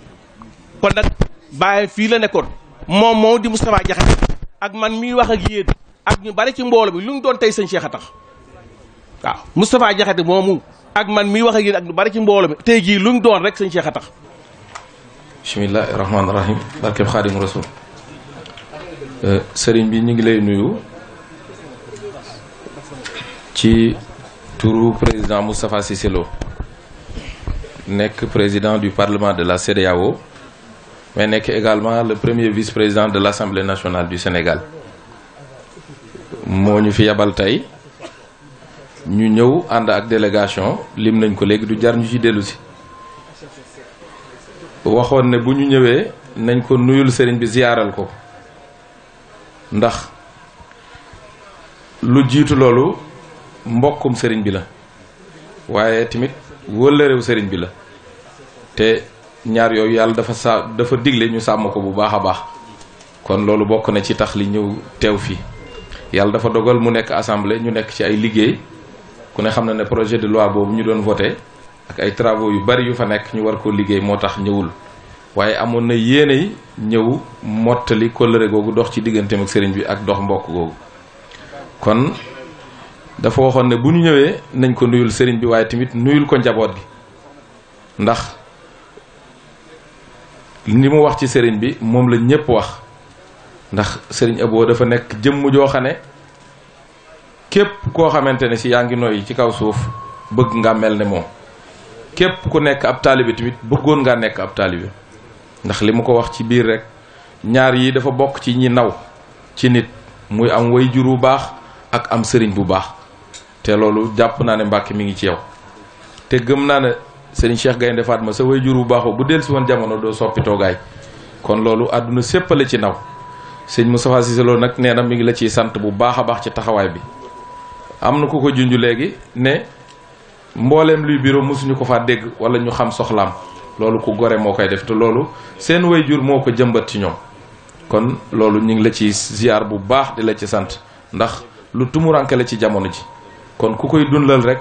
kon nag bàyyi fii la nekkoon moom moom di Moustapha Diakhaté ak man miy wax ak yéen ak ñu bari ci mboolo bi lu ñu doon tey sañ Cheikh a tax waaw Moustapha Diakhaté moomu ak man miy wax ak yéen ak ñu bari ci mboolo bi tey jii lu ñu doon rek sañ Cheikh a tax bismillahi rahmaani rahim barkeb xaadimu rasul Euh, Serigne bi ñu ngi lay nuyu ci président Moustapha Cissé nek président du parlement de la CDAO, mais nek également le premier vice-président de l'Assemblée nationale du Sénégal moo ñu fi yabal tay ñu ñëw délégation lim nañ ko légui du jar ñu ci bu ñu nañ ko nuyul ndax lu jiitu loolu mbokkum sëriñ bi la waaye tamit wëllërewu sëriñ bi la te ñaar yooyu yàlla dafa sa dafa digle ñu sàmm ko bu baax a baax kon loolu bokk na ci tax li ñëw teew fii yàlla dafa dogal mu nekk assemblée ñu nekk ci ay liggéey ku ne xam na ne projet de loi boobu ñu doon voté ak ay travaux yu bari yu fa nekk ñu war koo liggéey moo tax ñëwul waaye amoon na yéene yi ñëw mottali kóllëre googu dox ci digganteem ak sëriñ bi ak dox mbokk googu kon dafa waxoon ne bu ñu ñëwee nañ ko nuyul sëriñ bi waaye tamit nuyul ko njaboot gi ndax li mu wax ci sëriñ bi moom la ñëpp wax ndax sëriñ Abo dafa nekk jëmm joo xam képp koo xamante ne si yaa ngi noyyi ci kaw suuf bëgg nga mel ne moom képp ku nekk ab taalibe tamit bëggoon ngaa nekk ab taalibe ndax li mu ko wax ci biir rek ñaar yi dafa bokk ci ñi naw ci nit muy am way jur bu baax ak am sëriñ bu baax te loolu jàpp naa ne Mbàkke mi ngi ci yow te gëm naa ne sëriñ Cheikh Gaynde Fatma sa way jur bu baaxoo bu dellu si woon jamono doo soppi toogaay kon loolu àdduna séppale ci naw sëñ mu Cissé Lo nag nee na mi ngi la ciy sant bu baax a baax ci taxawaay bi am na ku ko junj léegi ne mbooleem luy bureau mosuñu ko faa dégg wala ñu xam soxlaam loolu ku gore moo koy def te loolu seen jur moo ko jëmbat ci ñoom kon loolu ñu ngi la ci ziar bu baax di la ci sant ndax lu tumuranke la ci jamono ji kon ku koy dundal rek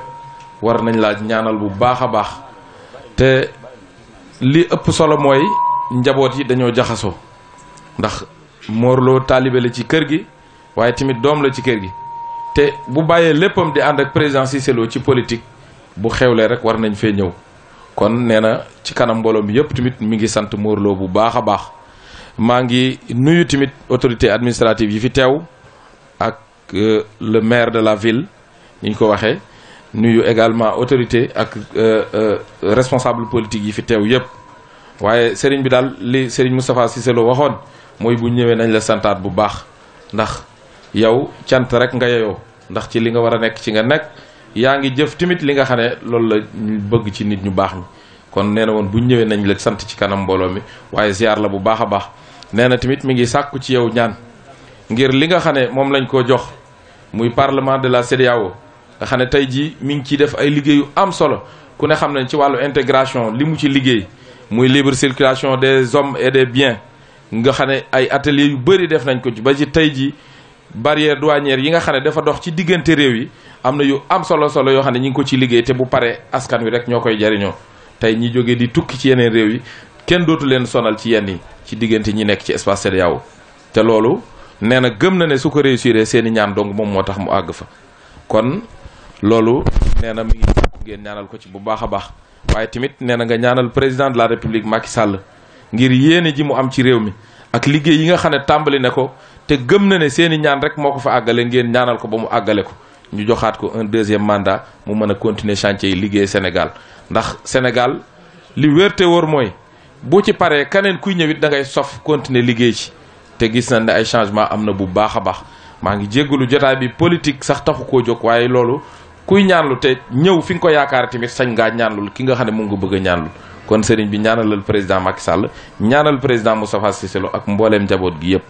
war nañ laa ñaanal bu baax a baax te li ëpp solo mooy njaboot yi dañoo jaxasoo ndax moorloo taalibe la ci kër gi waaye tamit doom la ci kër gi te bu bàyyee léppam di ànd ak président Cissé Lo ci politique bu xewlee rek war nañ fee ñëw kon nee na ci kanam mbooloo mi yëpp tamit mi ngi sant Mor bu baax a baax maa ngi nuyu tamit autorité administrative yi fi teew ak euh, le maire de la ville ni ñu ko waxee nuyu également autorité ak euh, euh, responsable politique yi fi teew yëpp waaye Serigne bi daal li Serigne Moustapha Cissé Lo waxoon mooy bu ñëwee nañ la santaat bu baax ndax yow cant rek nga yeyoo ndax ci li nga war a nekk ci nga nekk. yaa ngi jëf tamit li nga xam ne loolu la ñu bëgg ci nit ñu baax ñi kon nee na woon bu ñëwee nañ la sant ci kanam mbooloo mi waaye ziar la bu baax a baax nee na tamit mi ngi sàkku ci yow ñaan ngir li nga xam ne moom lañ koo jox muy parlement de la CEDEAO nga xam ne tey jii mi ngi ciy def ay liggéeyu am solo ku ne xam ne ci wàllu intégration li mu ci liggéey muy libre circulation des hommes et des biens nga xam ne ay ateliers yu bëri def nañ ko ci ba ci tey jii barrière douanière yi nga xam ne dafa dox ci diggante réew yi am na yu am solo solo yoo xam ne ñi ngi ko ci liggéey te bu paree askan wi rek ñoo koy jariñoo tey ñi jógee di tukki ci yeneen réew yi kenn dootu leen sonal ci yenn yi ci diggante ñi nekk ci espace CEDEAO te loolu nee na gëm na ne su ko réussir seen i ñaan dong moom moo tax mu àgg fa kon loolu nee na mi ngi sàkku ngeen ñaanal ko ci bu baax a baax waaye tamit nee na nga ñaanal président de la république Macky sàll ngir yéene ji mu am ci réew mi ak liggéey yi nga xam ne tàmbali ne ko te gëm na ne seeni ñaan rek moo ko fa àggale ngeen ñaanal ko ba mu àggale ko ñu joxaat ko un deuxième mandat mu mën a continuer chantier yi liggéey Sénégal ndax Sénégal li wér te wóor mooy boo ci paree keneen kuy ñëwit da ngay sof continuer liggéey ci te gis nañ ne ay changement am na bu baax a baax maa ngi jéggalu jotaay bi politique sax taxu koo jóg waaye loolu kuy ñaanlu te ñëw fi nga ko yaakaar tamit sañ ngaa ñaanlul ki nga xam ne mu nga bëgg a kon sëriñ bi ñaanalal président Macky Sall ñaanal président Moustapha Cissé Lo ak mbooleem njaboot gi yëpp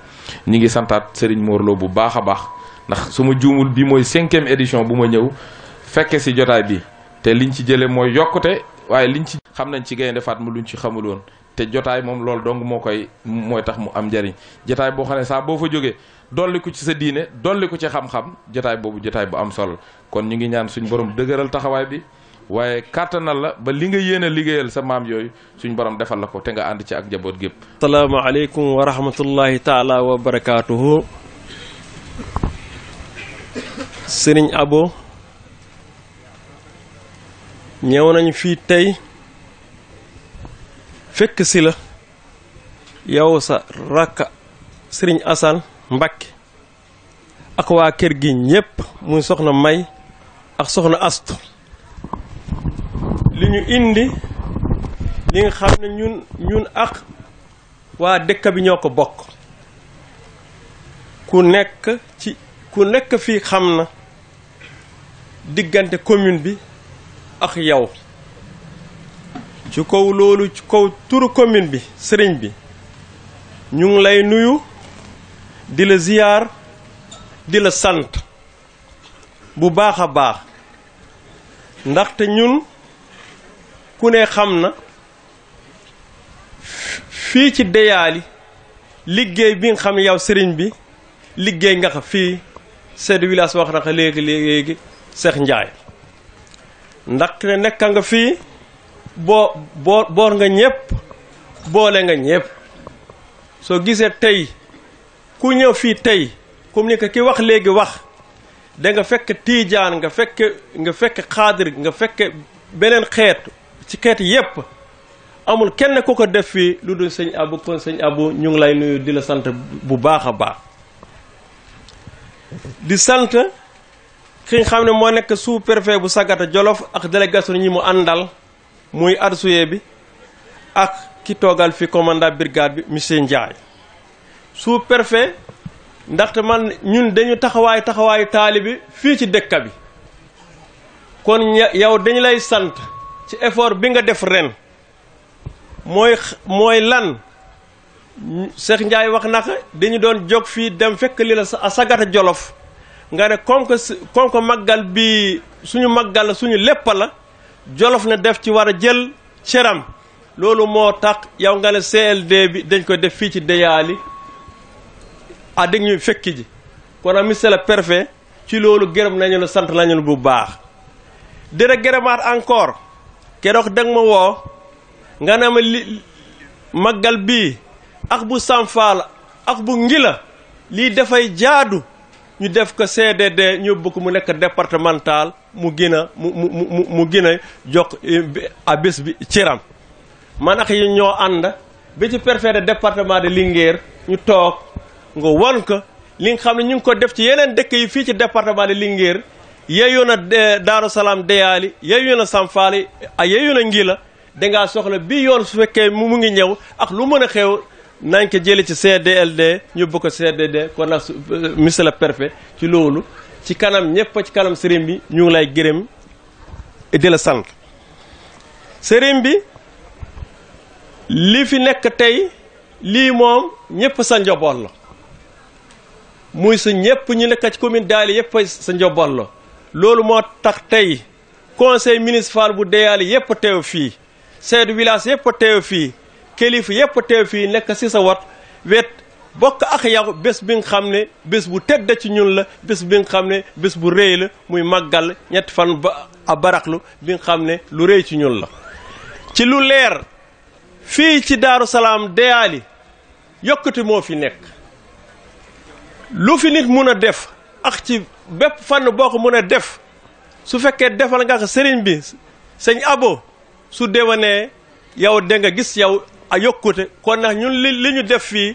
ñi ngi santaat sëriñ Mor Lo bu baax a baax ndax su ma juumul bi mooy cinquième édition bu ma ñëw fekkee si jotaay bi te li liñ ci jële mooy yokkute waaye liñ ci xam nañ ci Gaynde Fatma luñ ci xamul woon te jotaay moom loolu dong moo koy mooy tax mu am njariñ jotaay boo xam ne saa boo fa jógee dolli ko ci sa diine dolli ko ci xam-xam jotaay boobu jotaay bu am solo kon ñu ngi ñaan suñu borom dëgëral taxawaay bi waaye kàttanal la ba li nga yéen a liggéeyal sa maam yooyu suñu borom defal la ko te nga ànd ci ak njaboot gépp salaamaaleykum wa sëriñ Abo ñëw nañu fii tey fekk si la yow sa rakka sëriñ Assane Mbacke ak waa kër gi ñépp muy soxna May ak soxna Astu li ñu indi li nga xam ne ñun ñun ak waa dëkk bi ñoo ko bokk ku nekk ci ku nekk fii xam na diggante commune bi ak yow ci kaw loolu ci kaw turu commune bi sëriñ bi ñu ngi lay nuyu di la ziyaar di la sant bu baax a baax ndaxte ñun ku ne xam na fii ci deyaali liggéey bi nga xam yow sëriñ bi liggéey nga fii chef de village wax na léegi léegi Cheikh Ndiaye ndax ne nekk nga fii boo boo boor nga ñëpp boole nga ñëpp soo gisee tey ku ñëw fii tey comme ni ko ki wax léegi wax da nga fekk tiijaan nga fekk nga fekk xaadir nga fekk beneen xeet ci xeet yépp amul kenn ku ko def fii lu dul sëñ abu kon sëñ abu ñu ngi lay nuyu di la sant bu baax a baax di sant ki nga xam ne moo nekk sous préfet bu Sagata Jolof ak délégation ñi mu àndal muy adjoint bi ak ki toogal fi commandant brigade bi monsieur Ndiaye sous préfet ndaxte man ñun dañu taxawaay taxawaayu taalibi fii ci dëkk bi kon yow dañu lay sant ci effort bi nga def ren mooy mooy lan Cheikh Ndiaye wax naka dañu doon jóg fii dem fekk li la sagata jolof nga ne comme que comme que màggal bi suñu màggal la suñu lépp la jolof na def ci war a jël cëram loolu moo tax yow nga ne CLD bi dañ ko def fii ci Deyaali ah dégg ñuy fekki ji kon am monsieur le ci loolu gërëm nañu la sant nañu la bu baax dina gërëmaat encore keroog danga ma woo nga ne ma li màggal bii ak bu sanfaala ak bu ngila li dafay jaadu ñu def ko CDD ñu yóbbu mu nekk départemental mu gën a mu mu mu a jox eh, abis bés bi ciram man ak yi ñoo and bi ci préfet de département de Linguère ñu tok nga won ko li nga xamni ñu ko def ci yeneen dëkk yi fii ci département de Linguère yeeyu na eh, Daaru Salaam Deyaali yeeyu na Samfaali yeeyu na Ngila denga soxla bi yoon su fekkee mu ngi ñëw ak lu mën a xew nañ ko jëlee ci CDLD yóbbu ko CDD kon nag euh, monsieur le préfet ci loolu ci kanam ñëpp ci kanam sëriñ bi ñu ngi lay gërëm di la sant sëriñ bi li fi nekk tey lii moom ñëpp sa njoboot la muy su ñëpp ñu nekk ci commune Daly yëpp sa njaboot la loolu moo tax tey conseil municipal bu Daly yëpp teew fii chef de village yëpp teew fii kilifa yépp teew fii nekk ci sa wat wet bokk ak yow bés bi nga xam ne bés bu tedd ci ñun la bés bi nga xam ne bés bu rëy la muy màggal ñetti fan ba a baraxlu bi nga xam ne lu rëy ci ñun la ci lu leer fii ci Daaru Salaam deyaali yokkute moo fi nekk lu fi nit mun a def ak ci bépp fànn boo ko mën a def su fekkee defal nga ko sëriñ bi sëñ abo su dewanee yow da nga gis yow a yokkute kon nag ñun li li ñu def fii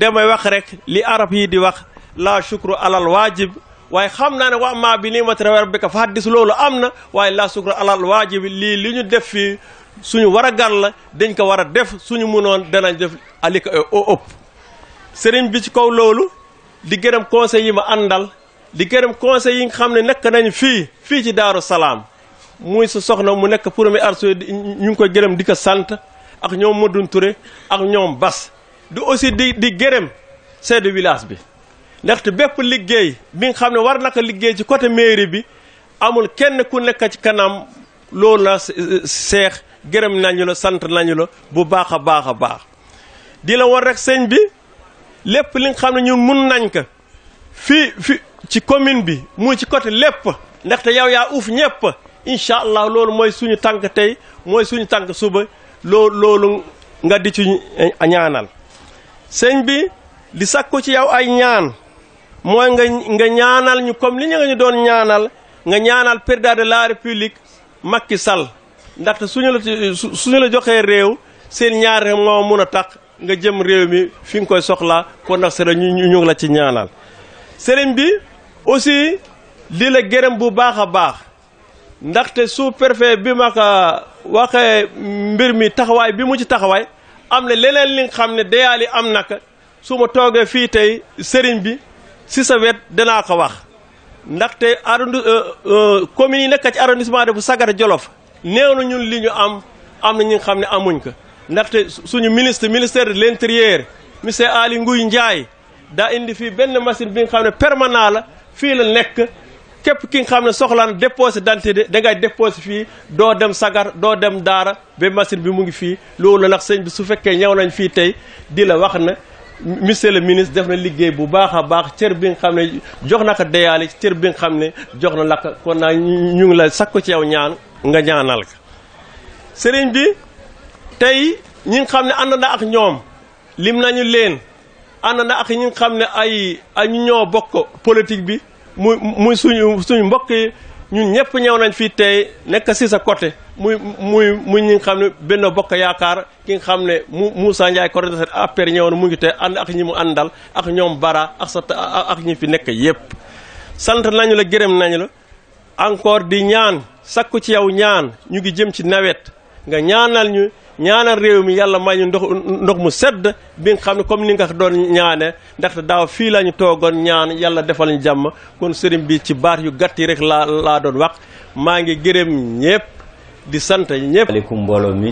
damay wax rek li arab yi di wax laa shukru alal waajib waaye xam naa ne wa maa bi ni'mati rabbika fa haddis loolu am na waaye la shukru alal waajib lii li ñu def fii suñu war a gàll la dañ ko war a def suñu mënoon danañ def alika e, o ëpp sëriñ bi ci kaw loolu di gërëm conseil yi ma àndal di gërëm conseil yi nga xam ne nekk nañu fii fii ci Daaru Salaam muy sa soxna mu nekk premier arso ñu ngi koy gërëm di ko sant ak ñoom Modou Touré ak ñoom Bas du aussi di di gërëm chef de village bi ndaxte bépp liggéey bi nga xam ne war na liggéey ci côté mairie bi amul kenn ku nekk ci kanam loolu la seex gërëm nañu la sant nañu la bu baax a baax a baax di la war rek sëñ bi lépp li nga xam ne ñun mun nañ ko fii fi ci commune bi muy ci côté lépp ndaxte yow yaa uuf ñëpp incha allah loolu mooy suñu tànk tey mooy suñu tànk suba loo loolu nga di ci ñaanal sëñ bi di sakku ci yow ay ñaan mooy nga nga ñaanal ñu comme li ñu nga ñu doon ñaanal nga ñaanal président de la république Macky Sall ndaxte suñu la suñu la joxee réew seen ñaar moo mun a tax nga jëm réew mi fi nga koy soxlaa kon nag sëriñ ñu ñu ngi la ci ñaanal sëriñ bi aussi di la gërëm bu baax a baax ndaxte sous-préfet bi ma ko waxee mbir mi taxawaay bi mu ci taxawaay am na leneen li nga xam ne dayaali am naka su ma toogee fii tey sëriñ bi si sa wet danaa ko wax ndaxte arrondi euh, euh, communes yi nekk ci arrondissement de bu Sagara Jolof néew na ñun li ñu am am na ñi xam ne amuñ ko ndaxte suñu ministre ministère de l' intérieur monsieur Aly Ngouille Ndiaye daa indi fii benn machine bi nga xam ne permanent la fii la nekk képp ki nga xam ne soxlaan déposé d'identité da ngay déposé fii doo dem sagar doo dem daara ba machine bi mu ngi fii loolu nag sëñ bi su fekkee ñaw nañ fii tey di la wax na monsieur le ministre def na liggéey bu baax a baax cër bi nga xam ne jox na ko deyaale cër bi nga xam ne jox na la ko kon naa ñu ngi la sakku ci yow ñaan nga ñaanal ko sëriñ bi tey ñi nga xam ne ànd na ak ñoom lim nañu leen ànd na ak ñi nga xam ne ay ñu ñoo bokk politique bi muy muy suñu suñu mbokk yi ñun ñëpp ñëw nañ fii tey nekk si sa côté muy muy mu ñi xam ne benn bokk yaakaar ki nga xam ne mu Moussa Ndiaye coordinateur APR ñëw na mu ngi tey ànd ak ñi mu àndal ak ñoom bara ak sa ak ñi fi nekk yëpp. sant nañu la gërëm nañu la encore di ñaan sakku ci yow ñaan ñu ngi jëm ci nawet nga ñaanal ñu. ñaanal réew mi yàlla may ñu ndox ndox mu sedd bi nga xam ne comme ni nga doon ñaane ndaxte daaw fii la ñu toogoon ñaan yàlla defal ñu jàmm kon sëriñ bi ci baat yu gàtt yi rek laa laa doon wax maa ngi gërëm ñëpp di sant ñëpp. aleykum mbooloo mi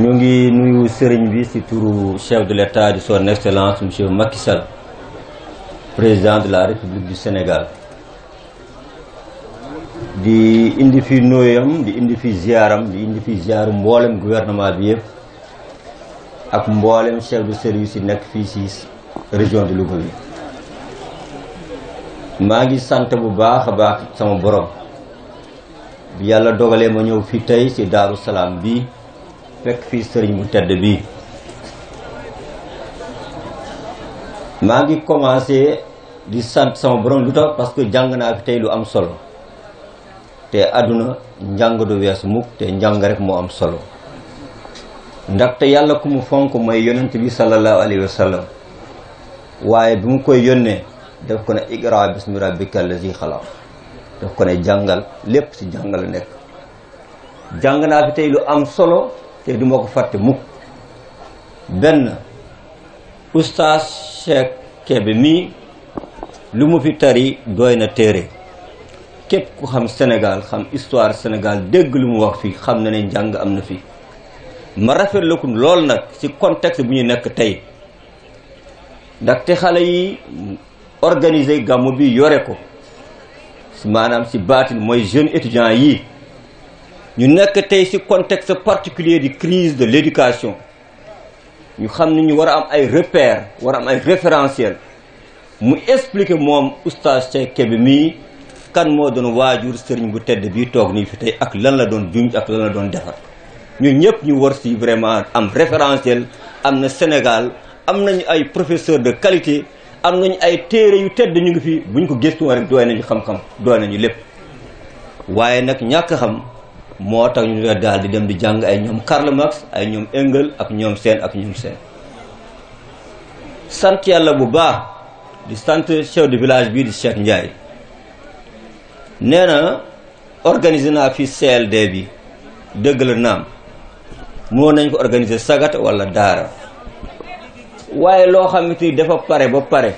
ñu ngi nuyu sëriñ bi ci turu chef de l'état de son excellence monsieur Macky Sall président de la république du Sénégal. di indi fi nooyam di indi fi ziaram di indi fi ziaru mboolem gouvernement bi yëpp ak mboolem chef de service yi nekk fii si région de Louga bi maa ngi sant bu baax a baax sama borom yàlla dogalee ma ñëw fii tey si Daaru Salaam bi fekk fii sëriñ bu tedd bi maa ngi commencé di sant sama borom lu tax parce que jàng naa fi tey lu am solo te àdduna njàng du wees mukk te njàng rek moo am solo ndaxte yàlla ko mu fonk mooy yonent bi sallallahu alayhi wa waaye bi mu koy yónnee daf ko ne iqra bismi rabbika allazi xalaq daf ko ne jàngal lépp ci jàng la nekk jàng naa fi tey lu am solo te du ma ko fàtte mukk benn oustaz Cheikh Kébé mii lu mu fi tari doy na téere képp ku xam Sénégal xam histoire Sénégal dégg lu mu wax fii xam na ne njàng am na fii ma rafetlu ko lool nag si contexte bu ñu nekk tey ndaxte xale yi organiser gàmmu bi yore ko maanaam si baatin mooy jeunes étudiants yi ñu nekk tey ci contexte particulier di crise de l'éducation ñu xam ne ñu war a am ay repères war a am ay référentiels mu expliquer moom oustaz Cheikh bi mii kan moo doon waajur sëriñ bu tedd bi toog ni fi tey ak lan la doon junj ak lan la doon defar ñun ñëpp ñu war si vraiment am référentiel am na Sénégal am nañu ay professeur de qualité am nañu ay téere yu tedd ñu ngi fi buñ ko gëstuwoon rek doy nañu xam-xam doy nañu lépp waaye nag ñàkk xam moo tax ñu la daal di dem di jàng ay ñoom Karl ay ñoom Engels ak ñoom seen ak ñoom seen sant yàlla bu baax di sant chef de village bii di Cheikh Ndiaye nee na organiser naa fi CLD bi dëgg la naam moo nañ ko organise sagat walla daara waaye loo xamante ni dafa pare ba pare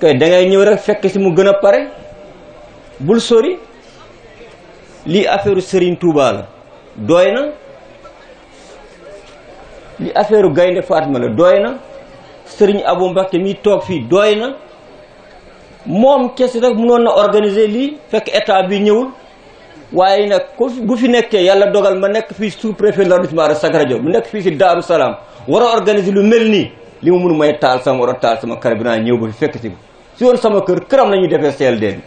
kay da ñëw rek fekk si mu gën a pare bul sori lii affaire Serigne Touba la doy na lii affaire Gaynde Fatma la doy na sëriñ Abou Mbacké mi toog fii doy na moom kese rek mënoon na organiser li fekk état bi ñëwul waaye nag ku bu fi nekkee yàlla dogal ma nekk fii sous préfet de l'arrondissement de Sakradio mu nekk fii si Daaru Salaam war a organiser lu mel nii li mu mënu may taal sama war a taal sama carburant ñëw ba fi fekk si si woon sama kër këram la ñuy defee CLD bi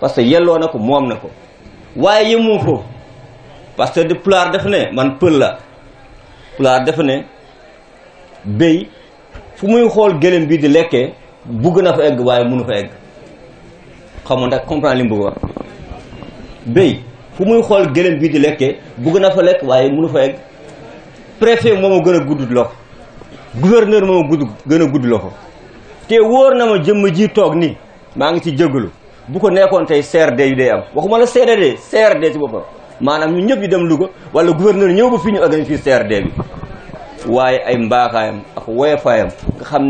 parce que yelloo na ko moom na ko waaye yemum foofu parce que de pulaar def ne man pël la pulaar def ne béy fu muy xool gëlëm bi di lekkee bugg na fa egg waaye mënu fa xaw ma ndax comprendre li mu bëgg wax fu muy xool gëlëm bi di lekkee bugg na fa lekk waaye mënu fa egg préfet moom a gën a gudd loxo gouverneur moom gudd gën a gudd loxo te wóor na ma jëmm ji toog ni maa ngi ci jégalu bu ko nekkoon tey CRD yu day am waxuma la CRD CRD ci boppam maanaam ñu ñëpp ñu dem Louga wala gouverneur ñëw ba fii ñu organise fii waaye ay mbaaxaayam ak woyofaayam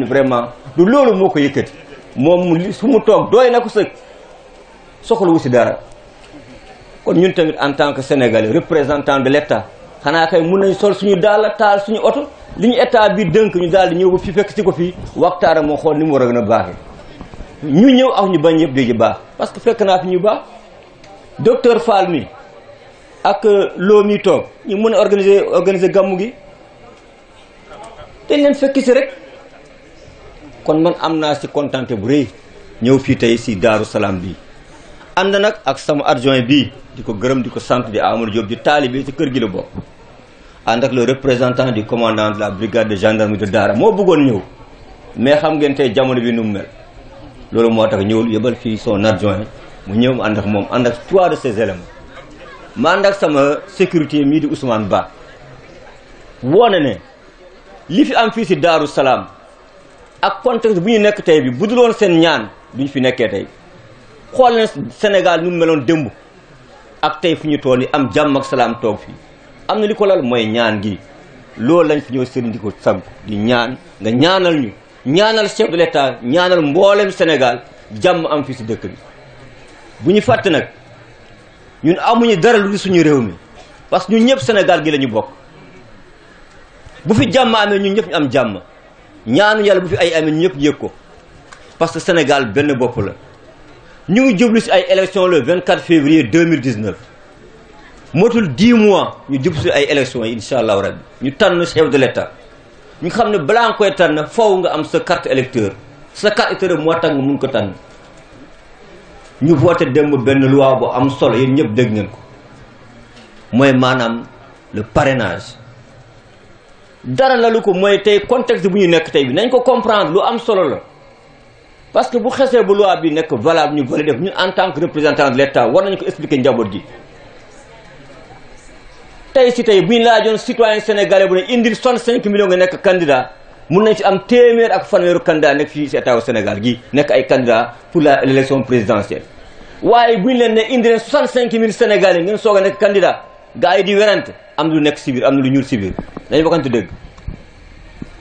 vraiment du loolu moo ko yëkkati moom su mu toog dooy na ko sëkk soxlawu si dara kon ñun tamit en tant que sénégalais représentant de l'état xana kay mu nañ sol suñu dal taal suñu auto liñu état bi dënk ñu dal di ñëw fi fekk ci ko fi waxtaara mo xol ni mu war a ñu ñëw ak ñu bañ yëpp di ci baax parce que fekk na fi ñu baax docteur Falmi ak mi ñu mëna organiser organiser gamu gi dañ leen fekk ci rek kon man amna ci si contenté bu reuy ñew fi tay ci daru salam bi ànd nag ak sama adjoint bi di ko gërëm di ko sant di Amadou Diop di taalibe ci kër gi la bokk ànd ak le représentant du commandant de la brigade de gendarmerie de Daara moo bëggoon ñëw mais xam ngeen tey jamono bi nu mu mel loolu moo tax ñëwul yëbal fii son adjoint mu ñëw mu ànd ak moom ànd ak de ses éléments ma ak sama sécurité mii di Ousmane Ba woone ne li fi am fii si Daaru Salaam ak contexte bu ñu nekk tey bi bu dul seen ñaan ñu fi nekkee tey xool leen Sénégal nu meloon démb ak tey fu ñu tool toll am jàmm ak salaam toog fii am na li ko lal mooy ñaan gi loolu lañ fi ñëw sëriñ di ko sàmp di ñaan nga ñaanal ñu ñaanal chef de ñaanal mboolem Sénégal jàmm am fii si dëkk bi bu ñu fàtte nag ñun amuñu dara lu suñu réew mi parce que ñun ñëpp senegal gi lañu bokk bu fi jàmm amee ñun ñëpp ñu am jàmm ñaanu yàlla bu fi ay amee ñu ñëpp yëg ko parce que Sénégal benn bopp la ñu ngi jublu si ay élections le 24 février 2019 motul 10 mois ñu jublu si ay élections yi incha allahu rabbi ñu tànn chef de l' ñu xam ne balaa nga koy tànn faw nga am sa carte électeur sa carte électeur moo tax nga mun ko tànn ñu voté démb benn loi bu am solo yéen ñëpp dégg ngeen ko mooy maanaam le parrainage. dara la lu ko mooy tey contexte bu ñu nekk tey bi nañ ko comprendre lu am solo la. parce que bu xesee ba loi bi nekk valable ñu validé def ñun en tant que représentant de l'État war nañu ko expliquer njaboot gi tey si tey bu ñu laajoon citoyen sénégalais bu ne indil 65 millions nga nekk candidat mun nañ ci am téeméer ak fanweeru candidat nekk fii si état wu nekk ay candidat pour la l'élection présidentielle waaye bu ñu leen ne indi leen 65 mille sénégalais ngeen soog a nekk candidat gars yi di werante am lu nekk si biir am na lu ñuul si biir dañu bokkante dëgg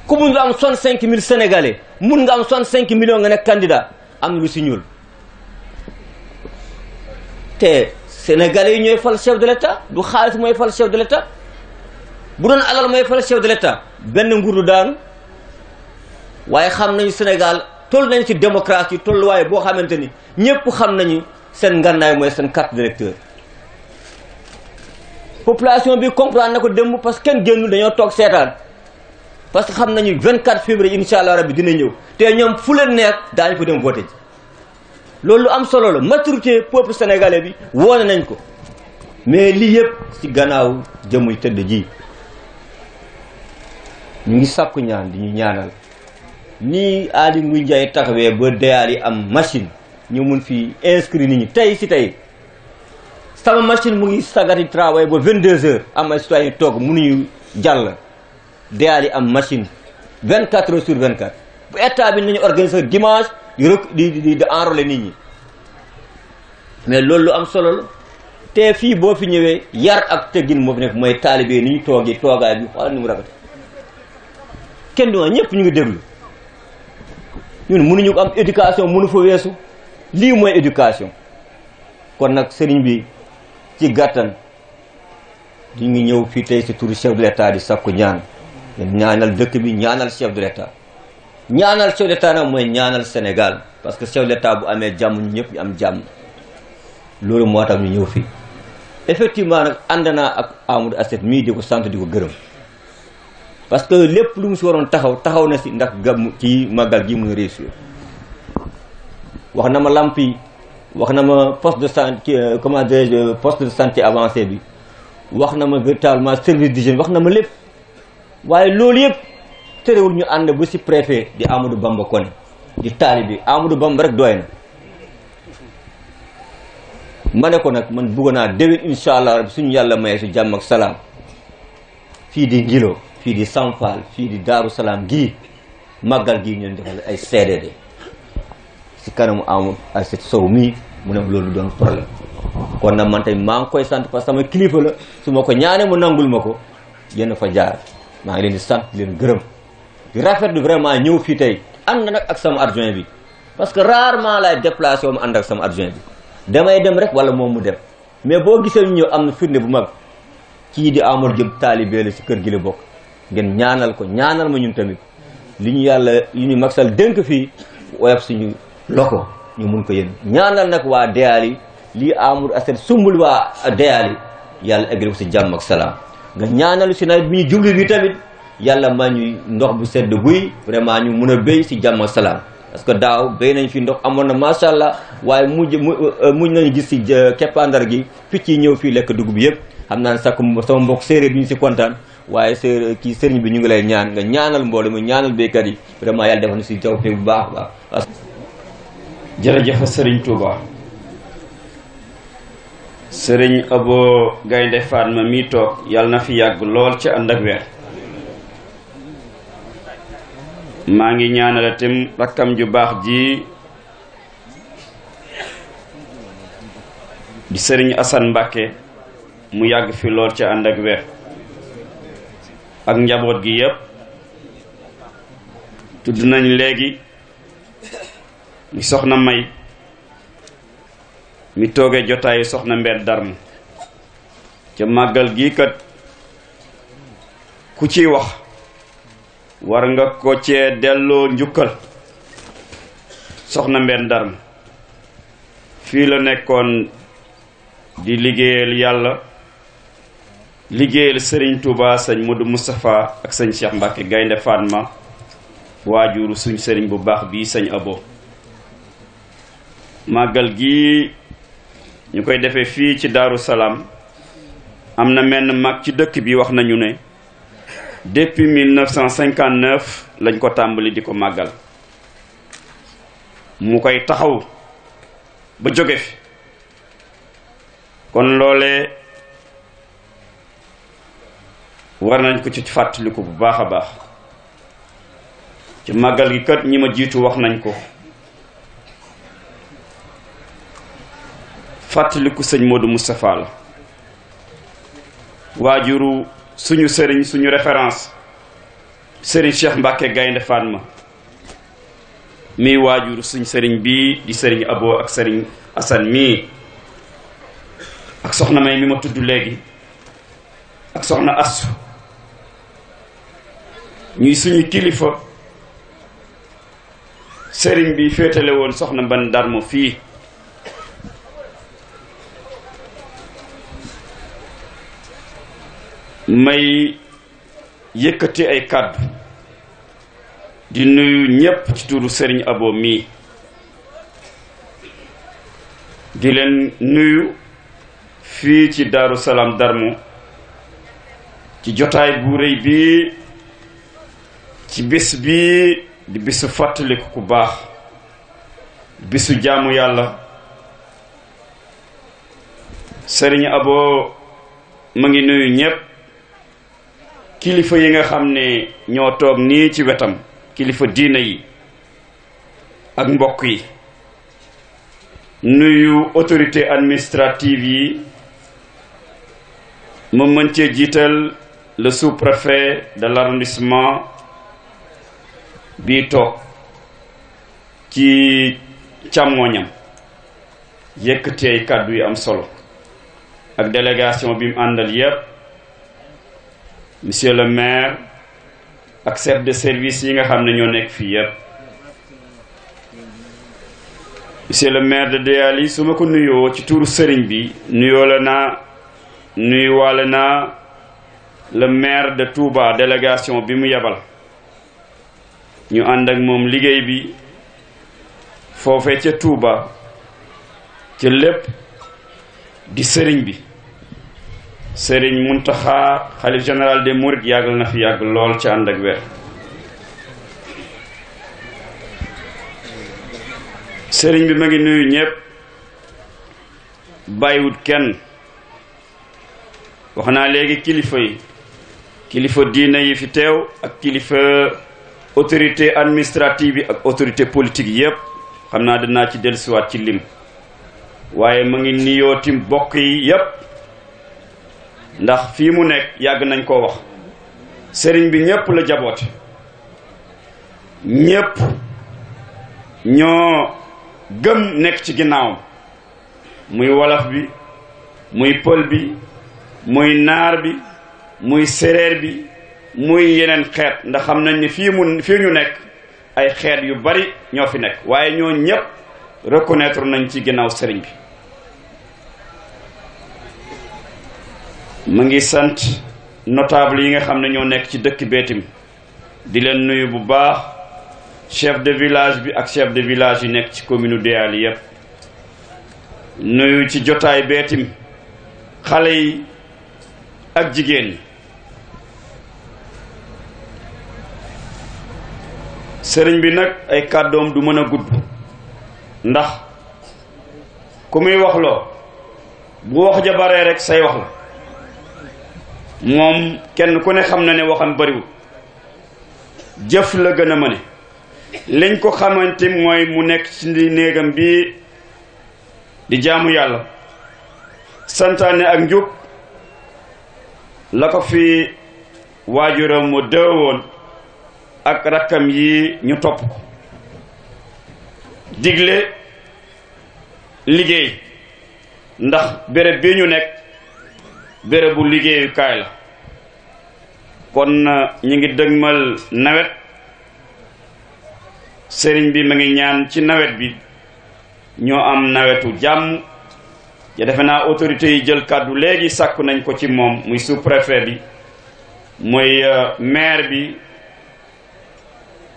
ku mun nga am soixante-cinq mille sénégalais mun nga am soixante-cinq millions nga nekk candidat am na lu si ñuul te sénégalais yi ñooy fal chef de l'état du xaalis mooy fal chef de l'état bu doon alal mooy fal chef de l'état benn nguur du daanu waaye xam nañu Sénégal toll nañu ci démocratie tolluwaay boo xamante ni ñëpp xam nañu seen ngànnaay mooy seen carte d'électeur population bi comprendre na ko démb parce que kenn génnul dañoo toog seetaan parce que xam nañu 24 février incha allah rabbi dina ñëw te ñoom fu leen neex daañu fa dem voté ji loolu lu am solo la maturité peuple sénégalais bi woone nañ ko mais lii yëpp ci gannaaw jëmuy tëdd ji ñu ngi sàkku ñaan di ñu ñaanal nii Aly Ngouille Ndiaye taxawee ba deyaal yi am machine ñu mun fii inscrit nit ñi tey si tey sama machine mu ngi sagati travail ba 22 heures am ay citoyen toog mënuñu jàll daal di am machine 24 heures sur 24 bu état bi nañu organiser dimanche di rek di di di enrôler nit ñi mais loolu lu am solo la te fii boo fi ñëwee yar ak teggin moo fi nekk mooy taalibe ni ñu toogee toogaay bi xoolal ni mu rafet kenn du ñëpp ñu ngi déglu ñun mënuñu am éducation mënu fa weesu lii mooy éducation kon nag sëriñ bi ci gàttan ñu ngi ñëw fii tey si turu chef de di sakku ñaan. ñaanal dëkk bi ñaanal chef de l'état ñaanal chef d'état nag mooy ñaanal Sénégal parce que chef d'état bu amee jàmm ñu ñëpp ñu am jàmm loolu moo tax ñu ñëw fii effectivement nag ànd naa ak Amadou Assette mii di ko sant di ko gërëm parce que lépp lu mu si waroon taxaw taxaw na si ndax gàmm ci màggal gi muy réussir wax na ma làmp yi wax na ma poste de santé euh, comment dirais-je poste de santé avancé bi wax na ma véritablement service d'hygiène wax na ma lépp waaye loolu yëpp terewul ñu ànd bu si préfet di Amadou Bamba Koné di taalibi Amadou Bamba rek doy na ma ne ko nag man bugg naa déwén incha allah rabbi suñu yàlla maye su jàmm ak salaam fii di Ngilo fii di Samfal fii di Daaru Salaam gii màggal gii ñun defal ay CDD si kanamu amul ay set sow mii mu ne loolu doon problème kon nag man maa ngi koy sant parce sama kilifa la su ma ko ñaanee mu nangul ma ko yéen fa jaar. ma ngi leen di sant di leen gërëm di rafetlu vraiment ñëw fii tey ànd nag ak sama adjoint bi parce que rarement lay déplacé wu ma ànd ak sama adjoint bi damay dem rek wala moom mu dem mais boo gisee ñu ñëw am na firnde bu mag kii di amul jëm taalibe la si kër gi la bokk ngeen ñaanal ko ñaanal ma ñun tamit li ñu yàlla li ñu magsal dénk fii woyof suñu loko ñu mun ko yéen ñaanal nag waa deyaal yi lii amul Assane sumbul waa deyaal yi yàlla eggal ko si jàmm ak salaam nga ñaanalu si nawet bi ñu jublu bi tamit yàlla ma ñuy ndox bu sedd guy vraiment ñu mun a béy si jàmm salaam parce que daaw béy nañ fi ndox amoon na macha allah waaye mujj mu euh, euh, nañu gis si euh, keppaandar gi picc ci ñëw fii lekk dugub yëpp xam naa ne sax sama mbokk séeréer bi ñu si kontaan waaye séeréer kii sëriñ bi ñu ngi lay ñaan nga ñaanal mbooloo mu ñaanal béykat yi vraiment yàlla defal na si jaww bu baax a baax. jërëjëf Sëriñ Touba. sering abo gaynde fatma mi tok yalna na fi yag lol ci andak wer ma ngi tim rakam ju bax ji di sëriñ asan mbake mu yag fi lol ci andak wer ak njabot gi yeb tud nañ legi soxna may mi toge jotay soxna Mbeen darm ci magal gi kat ku ci wax war nga ko ci delo njukal soxna Mbeen darm fi la nekkon di liggéeyal yalla liggéeyal Serigne Touba sëñ Modou mustapha ak sëñ Cheikh Mbacke Gaynde Fatma wajuru suñ serigne bu baax bi Abo magal gi ñu koy defee fii ci Daaru Salaam am na menn mag ci dëkk bi wax nañu ne depuis 1959 lañ ko tàmbali di ko màggal mu koy taxaw ba jóge fi kon loolee war nañ ko ci fàttaliku bu baax a baax ci màggal gi kat ñi ma jiitu wax nañ ko fàttaliku sëñ Modou Moustapha la waajuru suñu sëriñ suñu référence sëriñ Cheikh Mbacke Gaynde Fatma mii waajuru suñ sëriñ bii di sëriñ Abo ak sëriñ Assane mii ak soxna May mi ma tudd léegi ak soxna Assu ñuy suñu kilifa sëriñ bi féetale woon soxna Mban Darmo fii may yëkkati ay kàddu di nuyu ñépp ci turu sëriñ Abo mii di leen nuyu fii ci Daaru Salaam Darmo ci jotaay bu rëy bii ci bis bii di bisu fàttaliku ku baax bisu jaamu yàlla Serigne Abo ma ngi nuyu ñépp kilifa yi nga xam ne ñoo toog nii ci wetam kilifa diina yi ak mbokk yi nuyu autorité administrative yi ma mën cee jiital la sous-préfet de l'arrondissement bii toog ci càmmoñam yëkkati ay kàddu yi am solo ak délégation bi mu àndal yépp monsieur le maire ak chef de service yi nga xam ne ñoo nekk fii yépp monsieur le maire de Déaly su ma ko nuyoo ci tuuru sëriñ bi nuyoo la naa nuyuwaale naa le maire de Touba délégation bi mu yebal ñu ànd ak moom liggéey bi foofee ca Touba ca lépp di sëriñ bi Serigne Mountakha xalif général de Mourides yàggal na fi yàgg lool ci ànd ak wér sëriñ bi ma ngi nuyu ñëpp bàyyiwul kenn wax naa léegi kilifa yi kilifa diine yi fi teew ak kilifa autorité administrative yi ak autorité politique yëpp xam naa dinaa ci dellusiwaat ci lim waaye ma ngi niyootim bokk yi yëpp ndax fii mu nekk yàgg nañ koo wax sëriñ bi ñépp la jaboote ñépp ñoo gëm nekk ci ginnaawam muy wolof bi muy pël bi muy naar bi muy séréer bi muy yeneen xeet ndax xam nañ ni fii mu fii ñu nekk ay xeet yu bari ñoo fi nekk waaye ñoo ñépp reconnaître nañ ci ginnaaw sëriñ bi mu ngi sant notable yi nga xam ne ñoo nekk ci dëkk beetim di leen nuyu bu baax chef de village bi ak chef de village yi nekk ci commune Deyali yépp nuyu ci jotaay beetim xale yi ak jigéen ñi sëriñ bi nag ay kàddoom du mën a gudd ndax ku muy waxloo bu wax ja baree rek say wax la moom kenn ku ne xam na ne waxam bariwul jëf la gën a mëne liñ ko xamante mooy mu nekk ci néegam bi di jaamu yàlla santaane ak njub la ko fi waajuram mu dëwoon ak rakkam yi ñu topp ko digle liggéey ndax béréb bii ñu nekk bérébu liggéeyukaay la kon euh, ñu ngi dëgmal nawet sëriñ bi mu ngi ñaan ci nawet bi ñoo am nawetu jàmm ya defe naa autorités yi jël kàddu léegi sàkku nañ ko ci moom muy sous bi muy euh, maire bi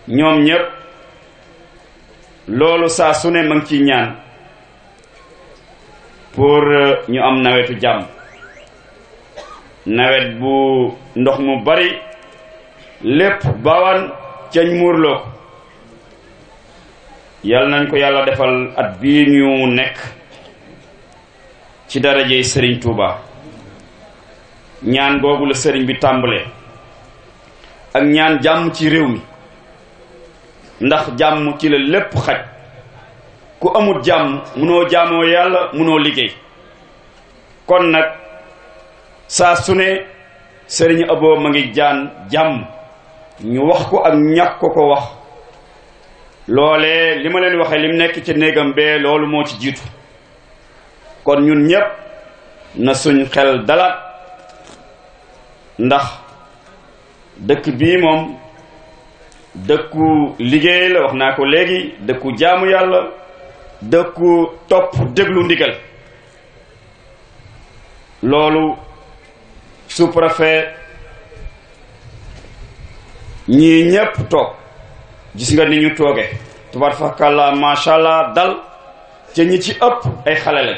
ñoom ñépp loolu saa su ne ma ci ñaan pour euh, ñu am nawetu jàmm nawet bu ndox mu bari lépp bawan cañ muurloo ko yal nañ ko yàlla defal at bii ñu nekk ci darajey sëriñ Touba ñaan googu la sëriñ bi tàmbalee ak ñaan jàmm ci réew mi ndax jàmm ci la lépp xaj ku amul jàmm munoo jaamoo yàlla mënoo liggéey kon nag saa su ne sëriñ aboo ma ngi jaan jàmm ñu wax ko ak ñàkk ko ko wax loole li ma leen waxee lim nekk ci néegam bee loolu moo ci jiitu kon ñun ñépp na suñ xel dalaat ndax dëkk bii moom dëkku liggéey la wax naa ko léegi dëkku jaamu yàlla dëkku topp déglu ndigal loolu sous ñii ñépp toog gis nga ni ñu tooge tubar fakalla macha allah dal te ñi ci ëpp ay xale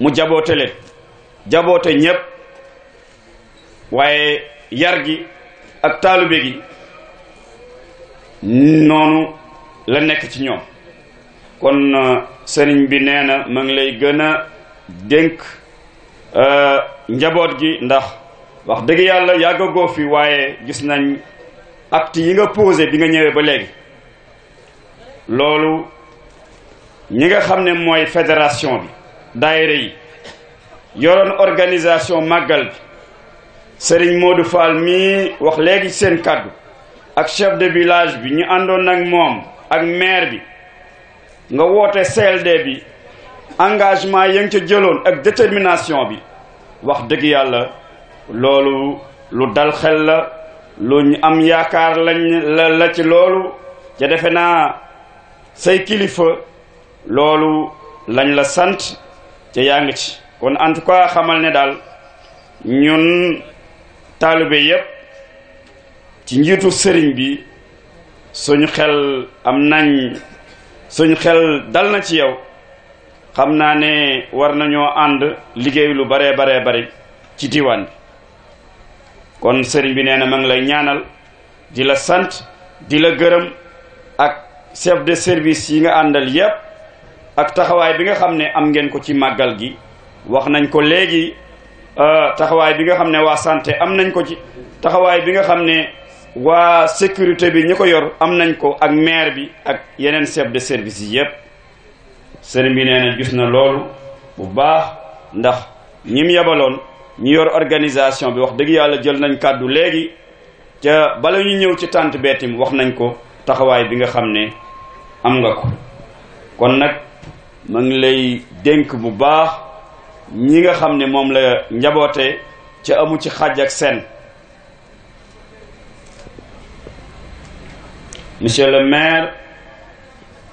mu jaboote leen jaboote ñépp waaye yar gi ak taalube gi noonu la nekk ci ñoom kon euh, sëriñ bi nee na ma ngi lay gën a dénk euh, njaboot gi ndax wax dëgg yàlla yàggagoo fi waaye gis nañ acte yi nga posé bi nga ñëwee ba léegi loolu ñi nga xam ne mooy fédération bi daayira yi yoroon organisation màggal bi moo Modou Fall mii wax léegi seen kàddu ak chef de village bi ñu àndoon ak moom ak maire bi nga woote CLD bi engagement ya nga ca jëloon ak détermination bi wax dëgg yàlla loolu lu dal xel la lu am yaakaar lañ la ci loolu ca defe naa say kilifa loolu lañ la sant ca yaa ngi ci kon en tout cas xamal ne daal ñun taalibe yépp ci njiitu sëriñ bi suñu xel am nañ suñu xel dal na ci yow xam naa ne war nañoo ànd liggéey lu baree baree bari ci diwaan bi kon sëriñ bi nee na ma ngi lay ñaanal di la sant di la gërëm ak chef de service yi nga àndal yépp ak taxawaay bi nga xam ne am ngeen ko ci màggal gi wax nañ ko léegi euh, taxawaay bi nga xam ne waa santé am nañ ko ci taxawaay bi nga xam ne waa sécurité bi ñu ko yor am nañ ko ak maire bi ak yeneen chef de service yi yépp sëriñ bi nee na gis na loolu bu baax ndax ñim yebaloon ñu yor organisation bi wax dëgg yàlla jël nañ kàddu léegi ca bala ñu ñëw ci tànt beetim wax nañ ko taxawaay bi nga xam ne am nga ko kon nag ma lay dénk bu baax ñi nga xam ne moom la njaboote ca amu ci xaj ak seen monsieur le maire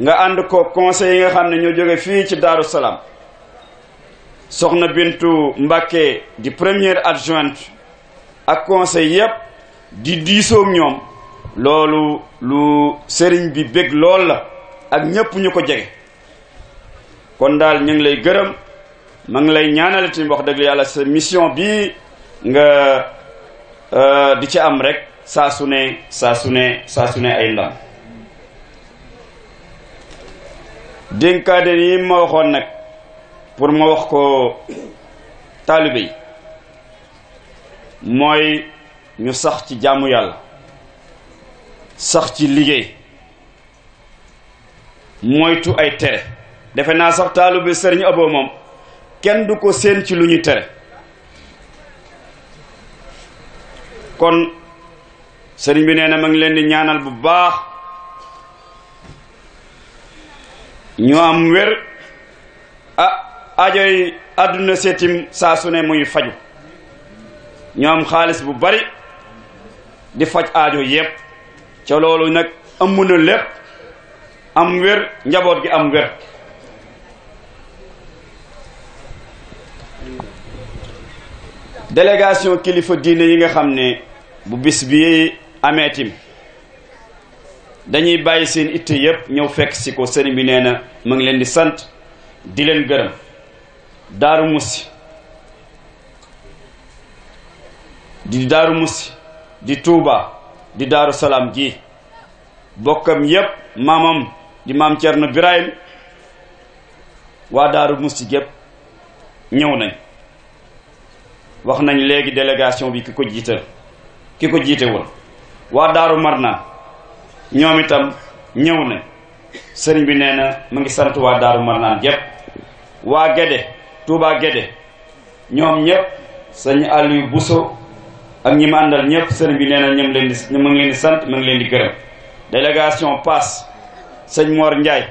nga ànd ko conseil yi nga xam ne ñoo jóge fii ci Daaru Salaam soxna Bintu Mbàkke di première adjointe ak conseil yépp di diisoog ñoom loolu lu sëriñ bi bég lool la ak ñépp ñu ko jege kon daal ñu ngi lay gërëm ma ngi lay ñaanal tamit wax dëgg yàlla sa mission bii nga euh, di ci am rek saa su ne saa su ne saa su ne ay ndam dénkaane yi ma waxoon nag pour ma wax ko taalibe yi mooy ñu sax ci jaamu yàlla sax ci liggéey moytu ay tere defe naa sax taalibe sëriñ Abo moom kenn du ko seen ci lu ñuy tere kon sëriñ bi nee na ma ngi leen di ñaanal bu baax ñu am wér ah ajoy adduna setim saa su ne muy faju ñu am xaalis bu bari di faj ajo yëpp ca loolu nag ëmb na lépp am wér njaboot gi am wér délégation kilifa diine yi nga xam ne bu bis bi ameetim dañuy bàyyi seen it yépp ñëw fekk si ko sëriñ bi nee na mu ngi leen di sant di leen gërëm daaru musi di daaru musi di tuuba di daaru salaam gi bokkam yépp maamam di maam Cerno Birahim waa daaru musi gépp ñëw nañ wax nañ léegi délégation bi ki ko jiite ki ko jiite woon waa daaru marnaan ñoom itam ñëw na sëriñ bi nee na mu ngi sant waa Daaru Marnaan yépp waa Gédé Touba Gédé ñoom ñëpp sëñ Aliou Bousso ak ñi ma ñëpp sëriñ bi nee na leen di mu ngi leen di sant mu ngi leen di gërëm délégation paas sëñ moor njaay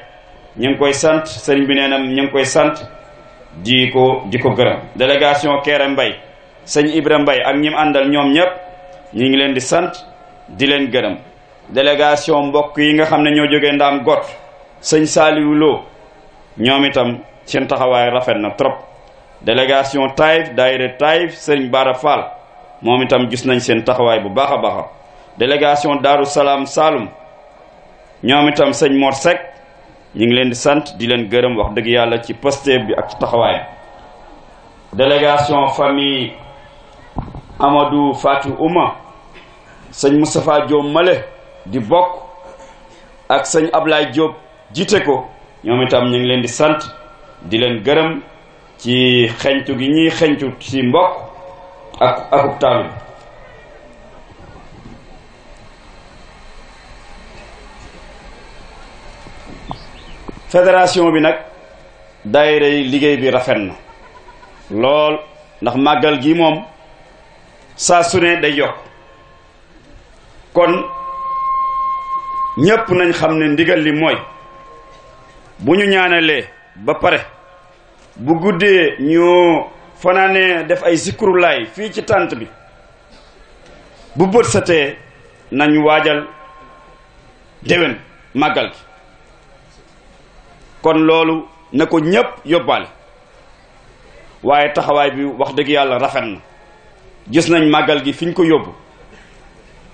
ñu ngi koy sant sëriñ bi nee na ñu ngi koy sant di ko di ko gërëm délégation Kéré Mbay sëñ Ibra Mbay ak ñi àndal ñoom ñëpp ñu ngi leen di sant di leen gërëm délégation mbokk yi nga xam ne ñoo jógee ndaam got sëñ Saliou ñoom itam seen taxawaay rafet na trop délégation Taïf daayira Taïf sëñ Bara Fall moom itam gis nañ seen taxawaay bu baax a baax a délégation Salaam Saloum ñoom itam sëñ Mor Seck ñu ngi leen di sant di leen gërëm wax dëgg yàlla ci poste bi ak ci taxawaay délégation famille Amadou Fatou Ouma sëñ Moustapha Diom Male di bokk ak sëñ Ablaye Diop jiite ko ñoom itam ñu ngi leen di sant di leen gërëm ci xeñtu gi ñuy xeñtu ci mbokk ak akub taalu fédération bi nag daayira yi liggéey bi rafet na lool ndax màggal gi moom saa su day yokk kon ñépp nañ xam ne ndigal li mooy bu ñu ñaanalee ba pare bu guddee ñu fanaanee def ay zikrulaay fii ci tànt bi bu bët setee nañu waajal déwén màggal gi kon loolu na ko ñépp yóbbaale waaye taxawaay bi wax dëgg yàlla rafet na gis nañ màggal gi fi ñu ko yóbbu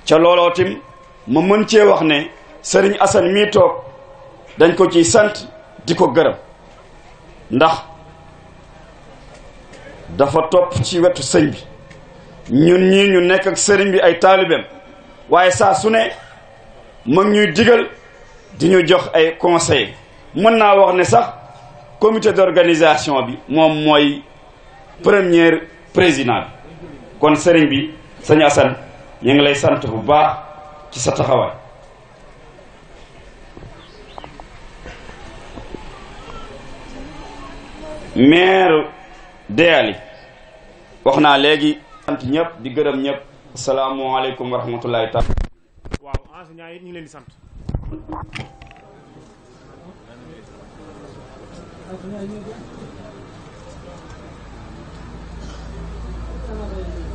ca looloo tim ma mën cee wax ne sëriñ Assane mii toog dañ ko ciy sant di ko gërëm ndax dafa topp ci wetu sëñ bi ñun ñii ñu nekk ak sëriñ bi ay taalibeem waaye saa su ne mu ngi ñuy digal di ñu jox ay conseil mën naa wax ne sax comité d'organisation bi moom mooy premier président bi kon sëriñ bi sëñ Assane ñu ngi lay sant bu baax ci sa taxawaay maire deali waxna legi sant ñep di ñep assalamu alaykum wa rahmatullahi taala waaw enseignant yi ñu leen di sant Thank you.